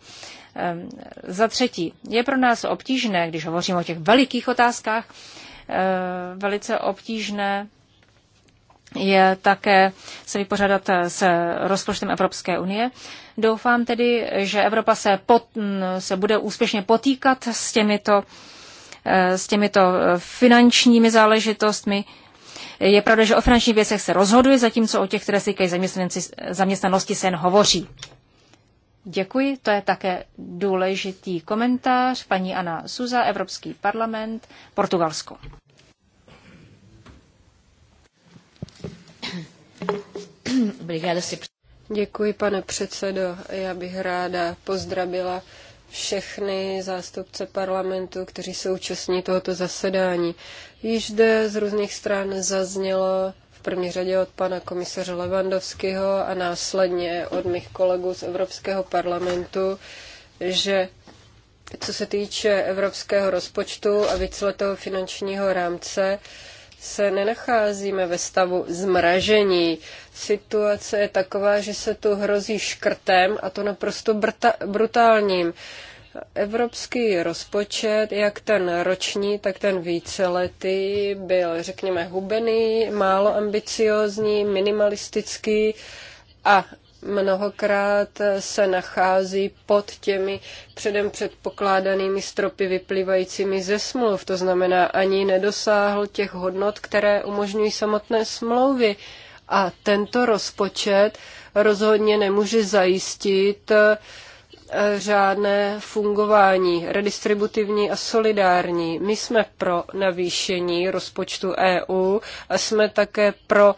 Ehm, za třetí, je pro nás obtížné, když hovořím o těch velikých otázkách, eh, velice obtížné je také se vypořádat s rozpočtem Evropské unie. Doufám tedy, že Evropa se, pot, se bude úspěšně potýkat s těmito, e, s těmito e, finančními záležitostmi. Je pravda, že o finančních věcech se rozhoduje, zatímco o těch, které se týkají zaměstnanosti, se jen hovoří. Děkuji, to je také důležitý komentář. Paní Ana Suza, Evropský parlament, Portugalsko. Děkuji, pane předsedo. Já bych ráda pozdravila všechny zástupce parlamentu, kteří se účastní tohoto zasedání. Již zde z různých stran zaznělo v první řadě od pana komisaře Levandovského a následně od mých kolegů z Evropského parlamentu, že co se týče evropského rozpočtu a víceletého finančního rámce, se nenacházíme ve stavu zmražení situace je taková, že se tu hrozí škrtem a to naprosto brutálním. Evropský rozpočet, jak ten roční, tak ten víceletý, byl, řekněme, hubený, málo ambiciozní, minimalistický a mnohokrát se nachází pod těmi předem předpokládanými stropy vyplývajícími ze smluv. To znamená, ani nedosáhl těch hodnot, které umožňují samotné smlouvy. Uh, a tento rozpočet rozhodně nemůže zajistit eh, řádné fungování, redistributivní a solidární. My jsme pro navýšení rozpočtu EU a jsme také pro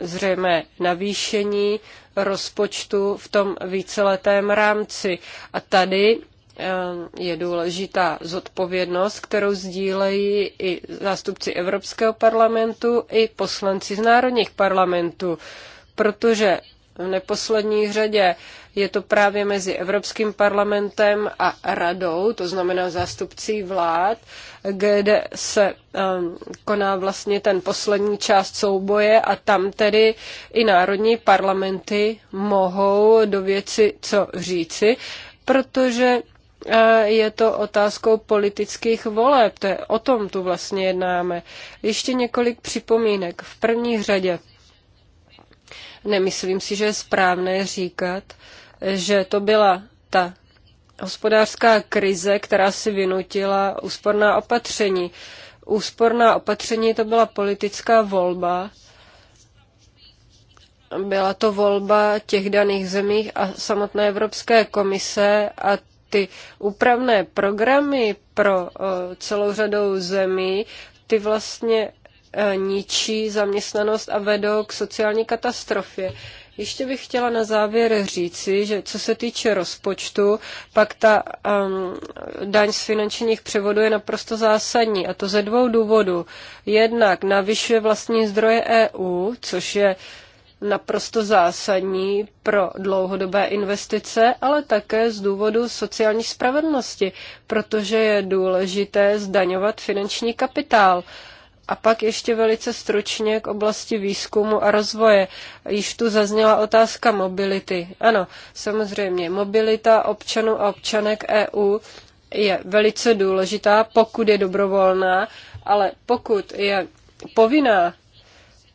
zřejmé navýšení rozpočtu v tom víceletém rámci. A tady Eh, je důležitá zodpovědnost, kterou sdílejí i zástupci Evropského parlamentu, i poslanci z národních parlamentů, protože v neposlední řadě je to právě mezi Evropským parlamentem a radou, to znamená zástupcí vlád, kde se um, koná vlastně ten poslední část souboje a tam tedy i národní parlamenty mohou do věci co říci, protože E, je to otázkou politických voleb. To je o tom tu vlastně jednáme. Ještě několik připomínek. V první řadě nemyslím si, že je správné říkat, že to byla ta hospodářská krize, která si vynutila úsporná opatření. Úsporná opatření to byla politická volba, byla to volba těch daných zemí a samotné Evropské komise a ty úpravné programy pro eh, celou řadou zemí, ty vlastně eh, ničí zaměstnanost a vedou k sociální katastrofě. Ještě bych chtěla na závěr říci, že co se týče rozpočtu, pak ta um, daň z finančních převodů je naprosto zásadní a to ze dvou důvodů. Jednak navyšuje vlastní zdroje EU, což je uh, naprosto zásadní pro dlouhodobé investice, ale také z důvodu sociální spravedlnosti, protože je důležité zdaňovat finanční kapitál. A pak ještě velice stručně k oblasti výzkumu a rozvoje. Již tu zazněla otázka mobility. Ano, samozřejmě, mobilita občanů a občanek EU je velice důležitá, pokud je dobrovolná, ale pokud je povinná,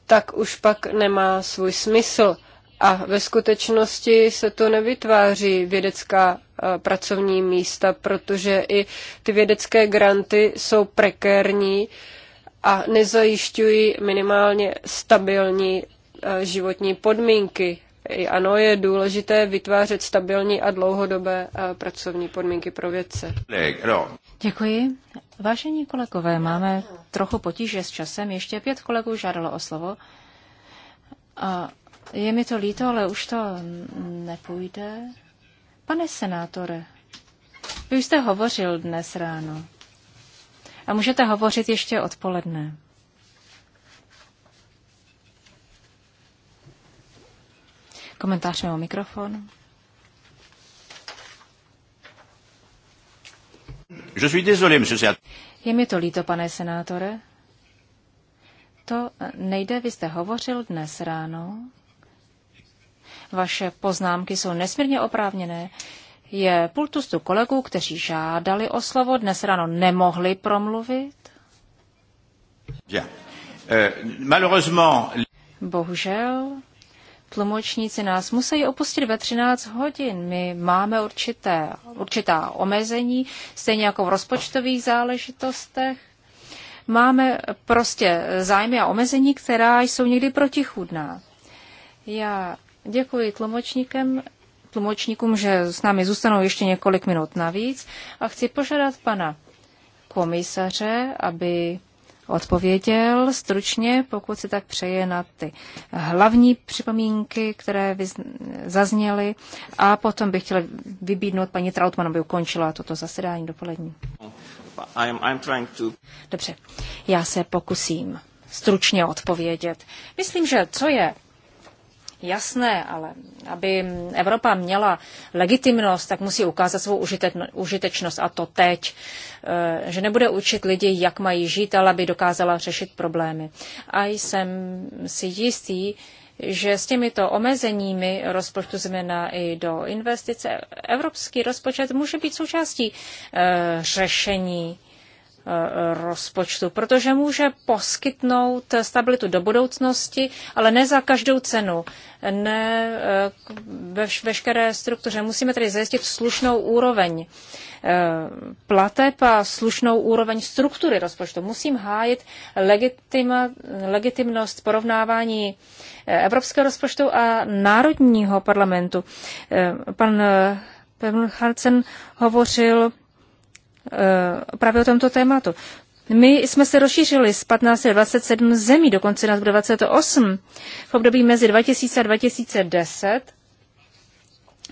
tak už pak nemá svůj smysl. A ve skutečnosti se to nevytváří vědecká eh, pracovní místa, protože i ty vědecké granty jsou prekérní a nezajišťují minimálně stabilní eh, životní podmínky. ano, je důležité vytvářet stabilní a dlouhodobé eh, pracovní podmínky pro vědce. No. Děkuji. Vážení kolegové, máme trochu potíže s časem. Ještě pět kolegů žádalo o slovo. A je mi to líto, ale už to nepůjde. Pane senátore, vy už jste hovořil dnes ráno. A můžete hovořit ještě odpoledne. Komentář mimo mikrofon. Je suis désolé, monsieur Je mi to líto, pane senátore. To nejde, vy jste hovořil dnes ráno. Vaše poznámky jsou nesmírně oprávněné. Je pultustu kolegů, kteří žádali o slovo, dnes ráno nemohli promluvit. Bien. Euh, Bohužel tlumočníci nás musí opustit ve 13 hodin. My máme určité, určitá omezení, stejně jako v rozpočtových záležitostech. Máme prostě zájmy a omezení, která jsou někdy protichůdná. Já děkuji tlumočníkem, tlumočníkům, že s námi zůstanou ještě několik minut navíc a chci požádat pana komisaře, aby odpověděl stručně, pokud si tak přeje na ty hlavní připomínky, které zazněly. A potom bych chtěla vybídnout paní Trautmann, aby ukončila toto zasedání dopolední. Dobře, já se pokusím stručně odpovědět. Myslím, že co je jasné, ale aby Evropa měla legitimnost, tak musí ukázat svou užitečnost a to teď. E, že nebude učit lidi, jak mají žít, ale aby dokázala řešit problémy. A jsem si jistý, že s těmito omezeními rozpočtu změna i do investice evropský rozpočet může být součástí e, řešení Eh, rozpočtu, protože může poskytnout stabilitu do budoucnosti, ale ne za každou cenu, ne eh, ve veškeré struktuře. Musíme tedy zajistit slušnou úroveň eh, plateb a slušnou úroveň struktury rozpočtu. Musím hájit legitima, legitimnost porovnávání evropského rozpočtu a národního parlamentu. Pan Peml Harcen hovořil Eh, právě o tomto tématu. My jsme se rozšířili z 15 a 27 zemí, dokonce nás bude 28. V období mezi 2000 a 2010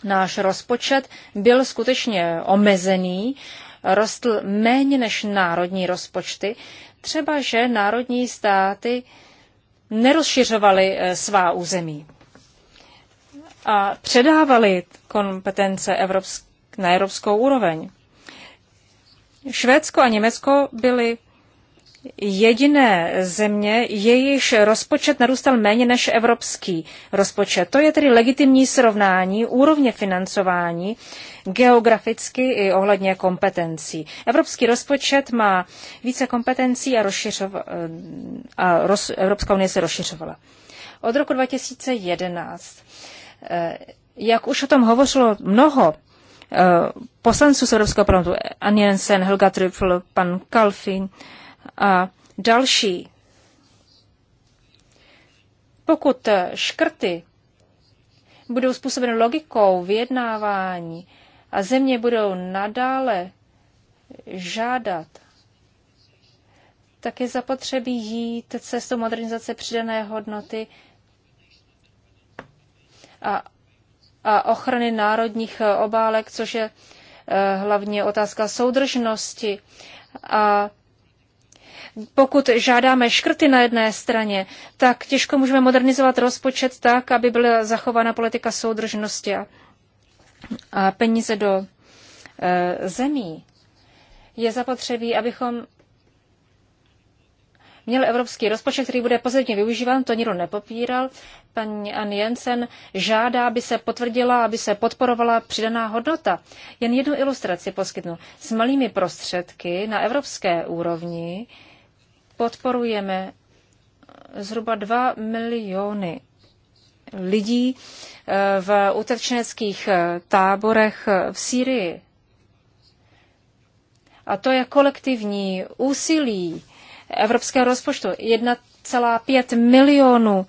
náš rozpočet byl skutečně omezený, rostl méně než národní rozpočty. Třeba, že národní státy nerozšiřovaly eh, svá území a předávali kompetence evropsk- na evropskou úroveň. Švédsko a Německo byly jediné země, jejíž rozpočet narůstal méně než evropský rozpočet. To je tedy legitimní srovnání úrovně financování geograficky i ohledně kompetencí. Evropský rozpočet má více kompetencí a, a roz- Evropská unie se rozšiřovala. Od roku 2011, eh, jak už o tom hovořilo mnoho Eh, poslanců z Evropského parlamentu, Ann Jensen, Helga Triffel, pan Kalfin a další. Pokud eh, škrty budou způsobeny logikou vyjednávání a země budou nadále žádat, tak je zapotřebí jít cestou modernizace přidané hodnoty a a ochrany národních eh, obálek, což je eh, hlavně otázka soudržnosti. A pokud žádáme škrty na jedné straně, tak těžko můžeme modernizovat rozpočet tak, aby byla zachována politika soudržnosti a peníze do eh, zemí. Je zapotřebí, abychom měl evropský rozpočet, který bude pozitivně využíván, to nikdo nepopíral. Paní Ann Jensen žádá, aby se potvrdila, aby se podporovala přidaná hodnota. Jen jednu ilustraci poskytnu. S malými prostředky na evropské úrovni podporujeme zhruba 2 miliony lidí eh, v utečeneckých eh, táborech eh, v Sýrii. A to je kolektivní úsilí evropského rozpočtu. 1,5 milionů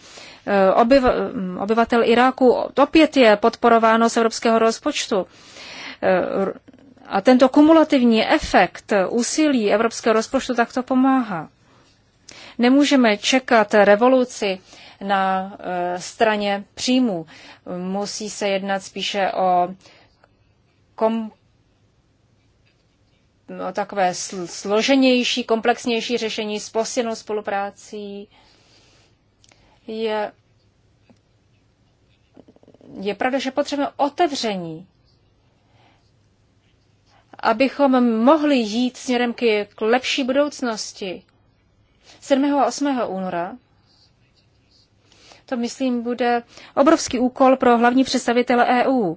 eh, mm, obyvatel Iráku opět je podporováno z evropského rozpočtu. Eh, a tento kumulativní efekt úsilí evropského rozpočtu takto pomáhá. Nemůžeme čekat revoluci na eh, straně příjmů. Musí se jednat spíše o kom- No, takové složenější, komplexnější řešení s posilnou spoluprácí. Je, je pravda, že potřebujeme otevření, abychom mohli jít směrem k, k lepší budoucnosti. 7. a 8. února to, myslím, bude obrovský úkol pro hlavní představitele EU.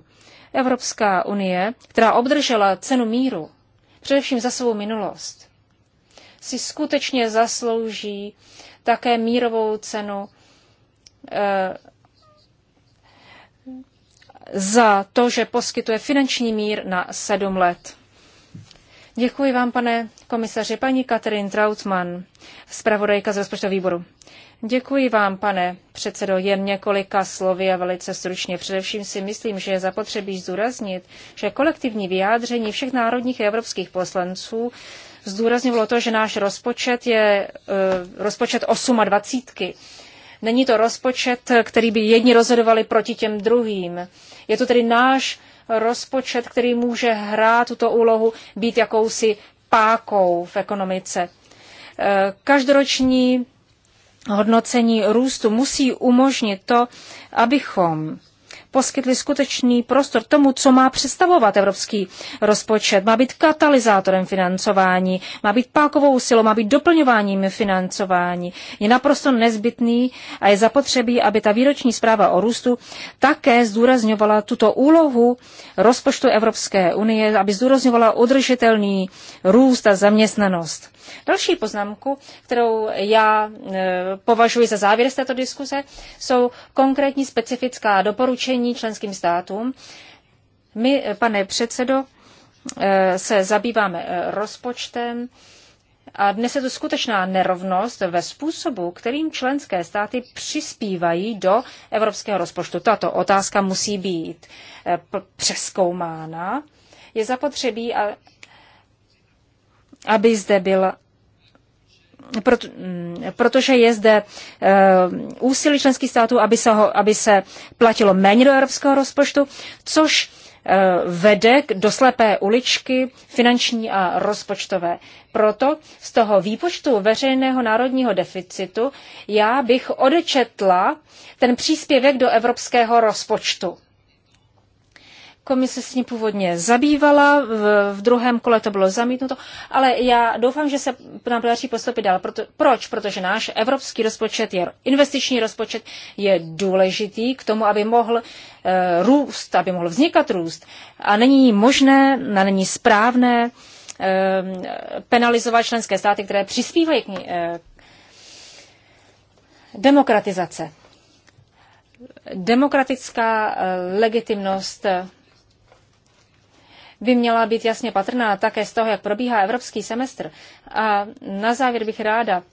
Evropská unie, která obdržela cenu míru, především za svou minulost, si skutečně zaslouží také mírovou cenu e, za to, že poskytuje finanční mír na sedm let. Děkuji vám, pane komisaři, paní Katrin Trautmann, zpravodajka z rozpočtového výboru. Děkuji vám, pane předsedo, jen několika slovy a velice stručně. Především si myslím, že je zapotřebí zdůraznit, že kolektivní vyjádření všech národních a evropských poslanců zdůraznilo to, že náš rozpočet je uh, rozpočet 28. Není to rozpočet, který by jedni rozhodovali proti těm druhým. Je to tedy náš rozpočet, který může hrát tuto úlohu, být jakousi pákou v ekonomice. Eh, každoroční hodnocení růstu musí umožnit to, abychom poskytli skutečný prostor tomu, co má představovat evropský rozpočet. Má být katalyzátorem financování, má být pákovou silou, má být doplňováním financování. Je naprosto nezbytný a je zapotřebí, aby ta výroční zpráva o růstu také zdůrazňovala tuto úlohu rozpočtu Evropské unie, aby zdůrazňovala udržitelný růst a zaměstnanost. Další poznámku, kterou já e, považuji za závěr z této diskuze, jsou konkrétní specifická doporučení členským státům. My, e, pane předsedo, e, se zabýváme rozpočtem a dnes je to skutečná nerovnost ve způsobu, kterým členské státy přispívají do evropského rozpočtu. Tato otázka musí být přeskoumána. Je zapotřebí, aby zde byl proto, mm, protože je zde uh, úsilí členských států, aby se, ho, aby se platilo méně do evropského rozpočtu, což uh, vede k doslepé uličky finanční a rozpočtové. Proto z toho výpočtu veřejného národního deficitu já bych odečetla ten příspěvek do evropského rozpočtu. Komise s ní původně zabývala, v, v druhém kole to bylo zamítnuto, ale já doufám, že se nám podaří postoupit dál. Proto, proč? Protože náš evropský rozpočet je investiční rozpočet, je důležitý k tomu, aby mohl eh, růst, aby mohl vznikat růst. A není možné, a není správné eh, penalizovat členské státy, které přispívají k ní. Eh, demokratizace demokratická legitimnost by měla být jasně patrná také z toho, jak probíhá evropský semestr. A na závěr bych ráda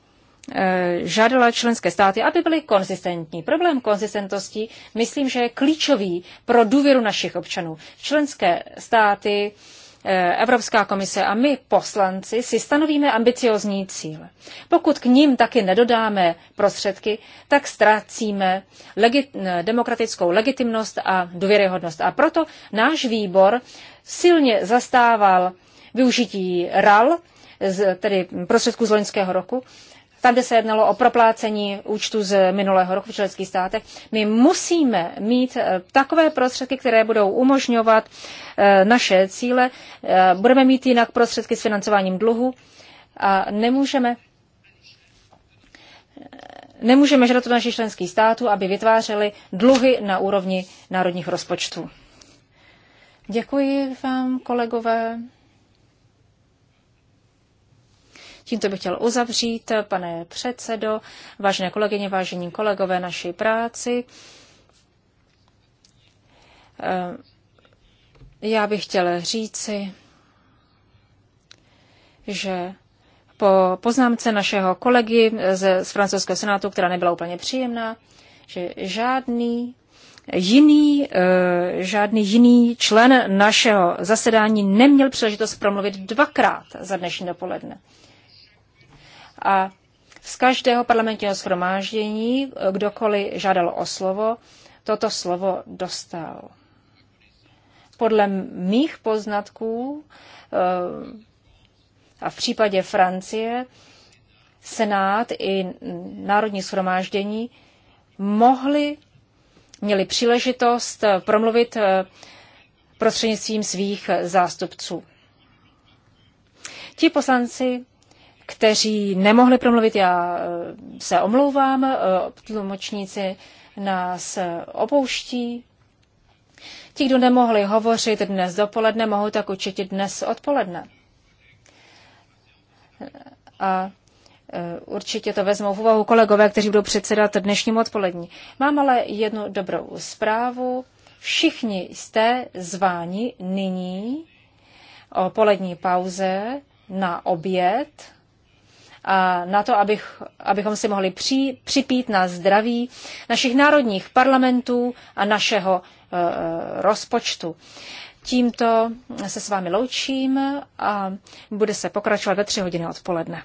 e, žádala členské státy, aby byly konzistentní. Problém konzistentnosti myslím, že je klíčový pro důvěru našich občanů. Členské státy Eh, Evropská komise a my poslanci si stanovíme ambiciozní cíl. Pokud k ním taky nedodáme prostředky, tak ztrácíme legi- eh, demokratickou legitimnost a důvěryhodnost. A proto náš výbor silně zastával využití RAL, tedy prostředků z loňského roku, tam, kde se jednalo o proplácení účtu z minulého roku v členských státech, my musíme mít eh, takové prostředky, které budou umožňovat eh, naše cíle. Eh, budeme mít jinak prostředky s financováním dluhu a nemůžeme nemůžeme žádat od našich členských států, aby vytvářely dluhy na úrovni národních rozpočtů. Děkuji vám, kolegové. Tímto bych chtěl uzavřít, pane předsedo, vážené kolegyně, vážení kolegové, naší práci. Eh, já bych chtěl říci, že po poznámce našeho kolegy z, z francouzského senátu, která nebyla úplně příjemná, že žádný jiný, eh, žádný jiný člen našeho zasedání neměl příležitost promluvit dvakrát za dnešní dopoledne a z každého parlamentního schromáždění, eh, kdokoliv žádal o slovo, toto slovo dostal. Podle mých poznatků eh, a v případě Francie Senát i Národní schromáždění mohli, měli příležitost eh, promluvit prostřednictvím svých zástupců. Ti poslanci, kteří nemohli promluvit, já eh, se omlouvám, eh, tlumočníci nás eh, opouští. Ti, kdo nemohli hovořit dnes dopoledne, mohou tak určitě dnes odpoledne. A určitě to vezmou v úvahu kolegové, kteří budou předsedat dnešním odpolední. Mám ale jednu dobrou zprávu. Všichni jste zváni nyní o polední pauze na oběd a na to, abych, abychom si mohli při, připít na zdraví našich národních parlamentů a našeho e, e rozpočtu. Tímto se s vámi loučím a bude se pokračovat ve tři hodiny odpoledne.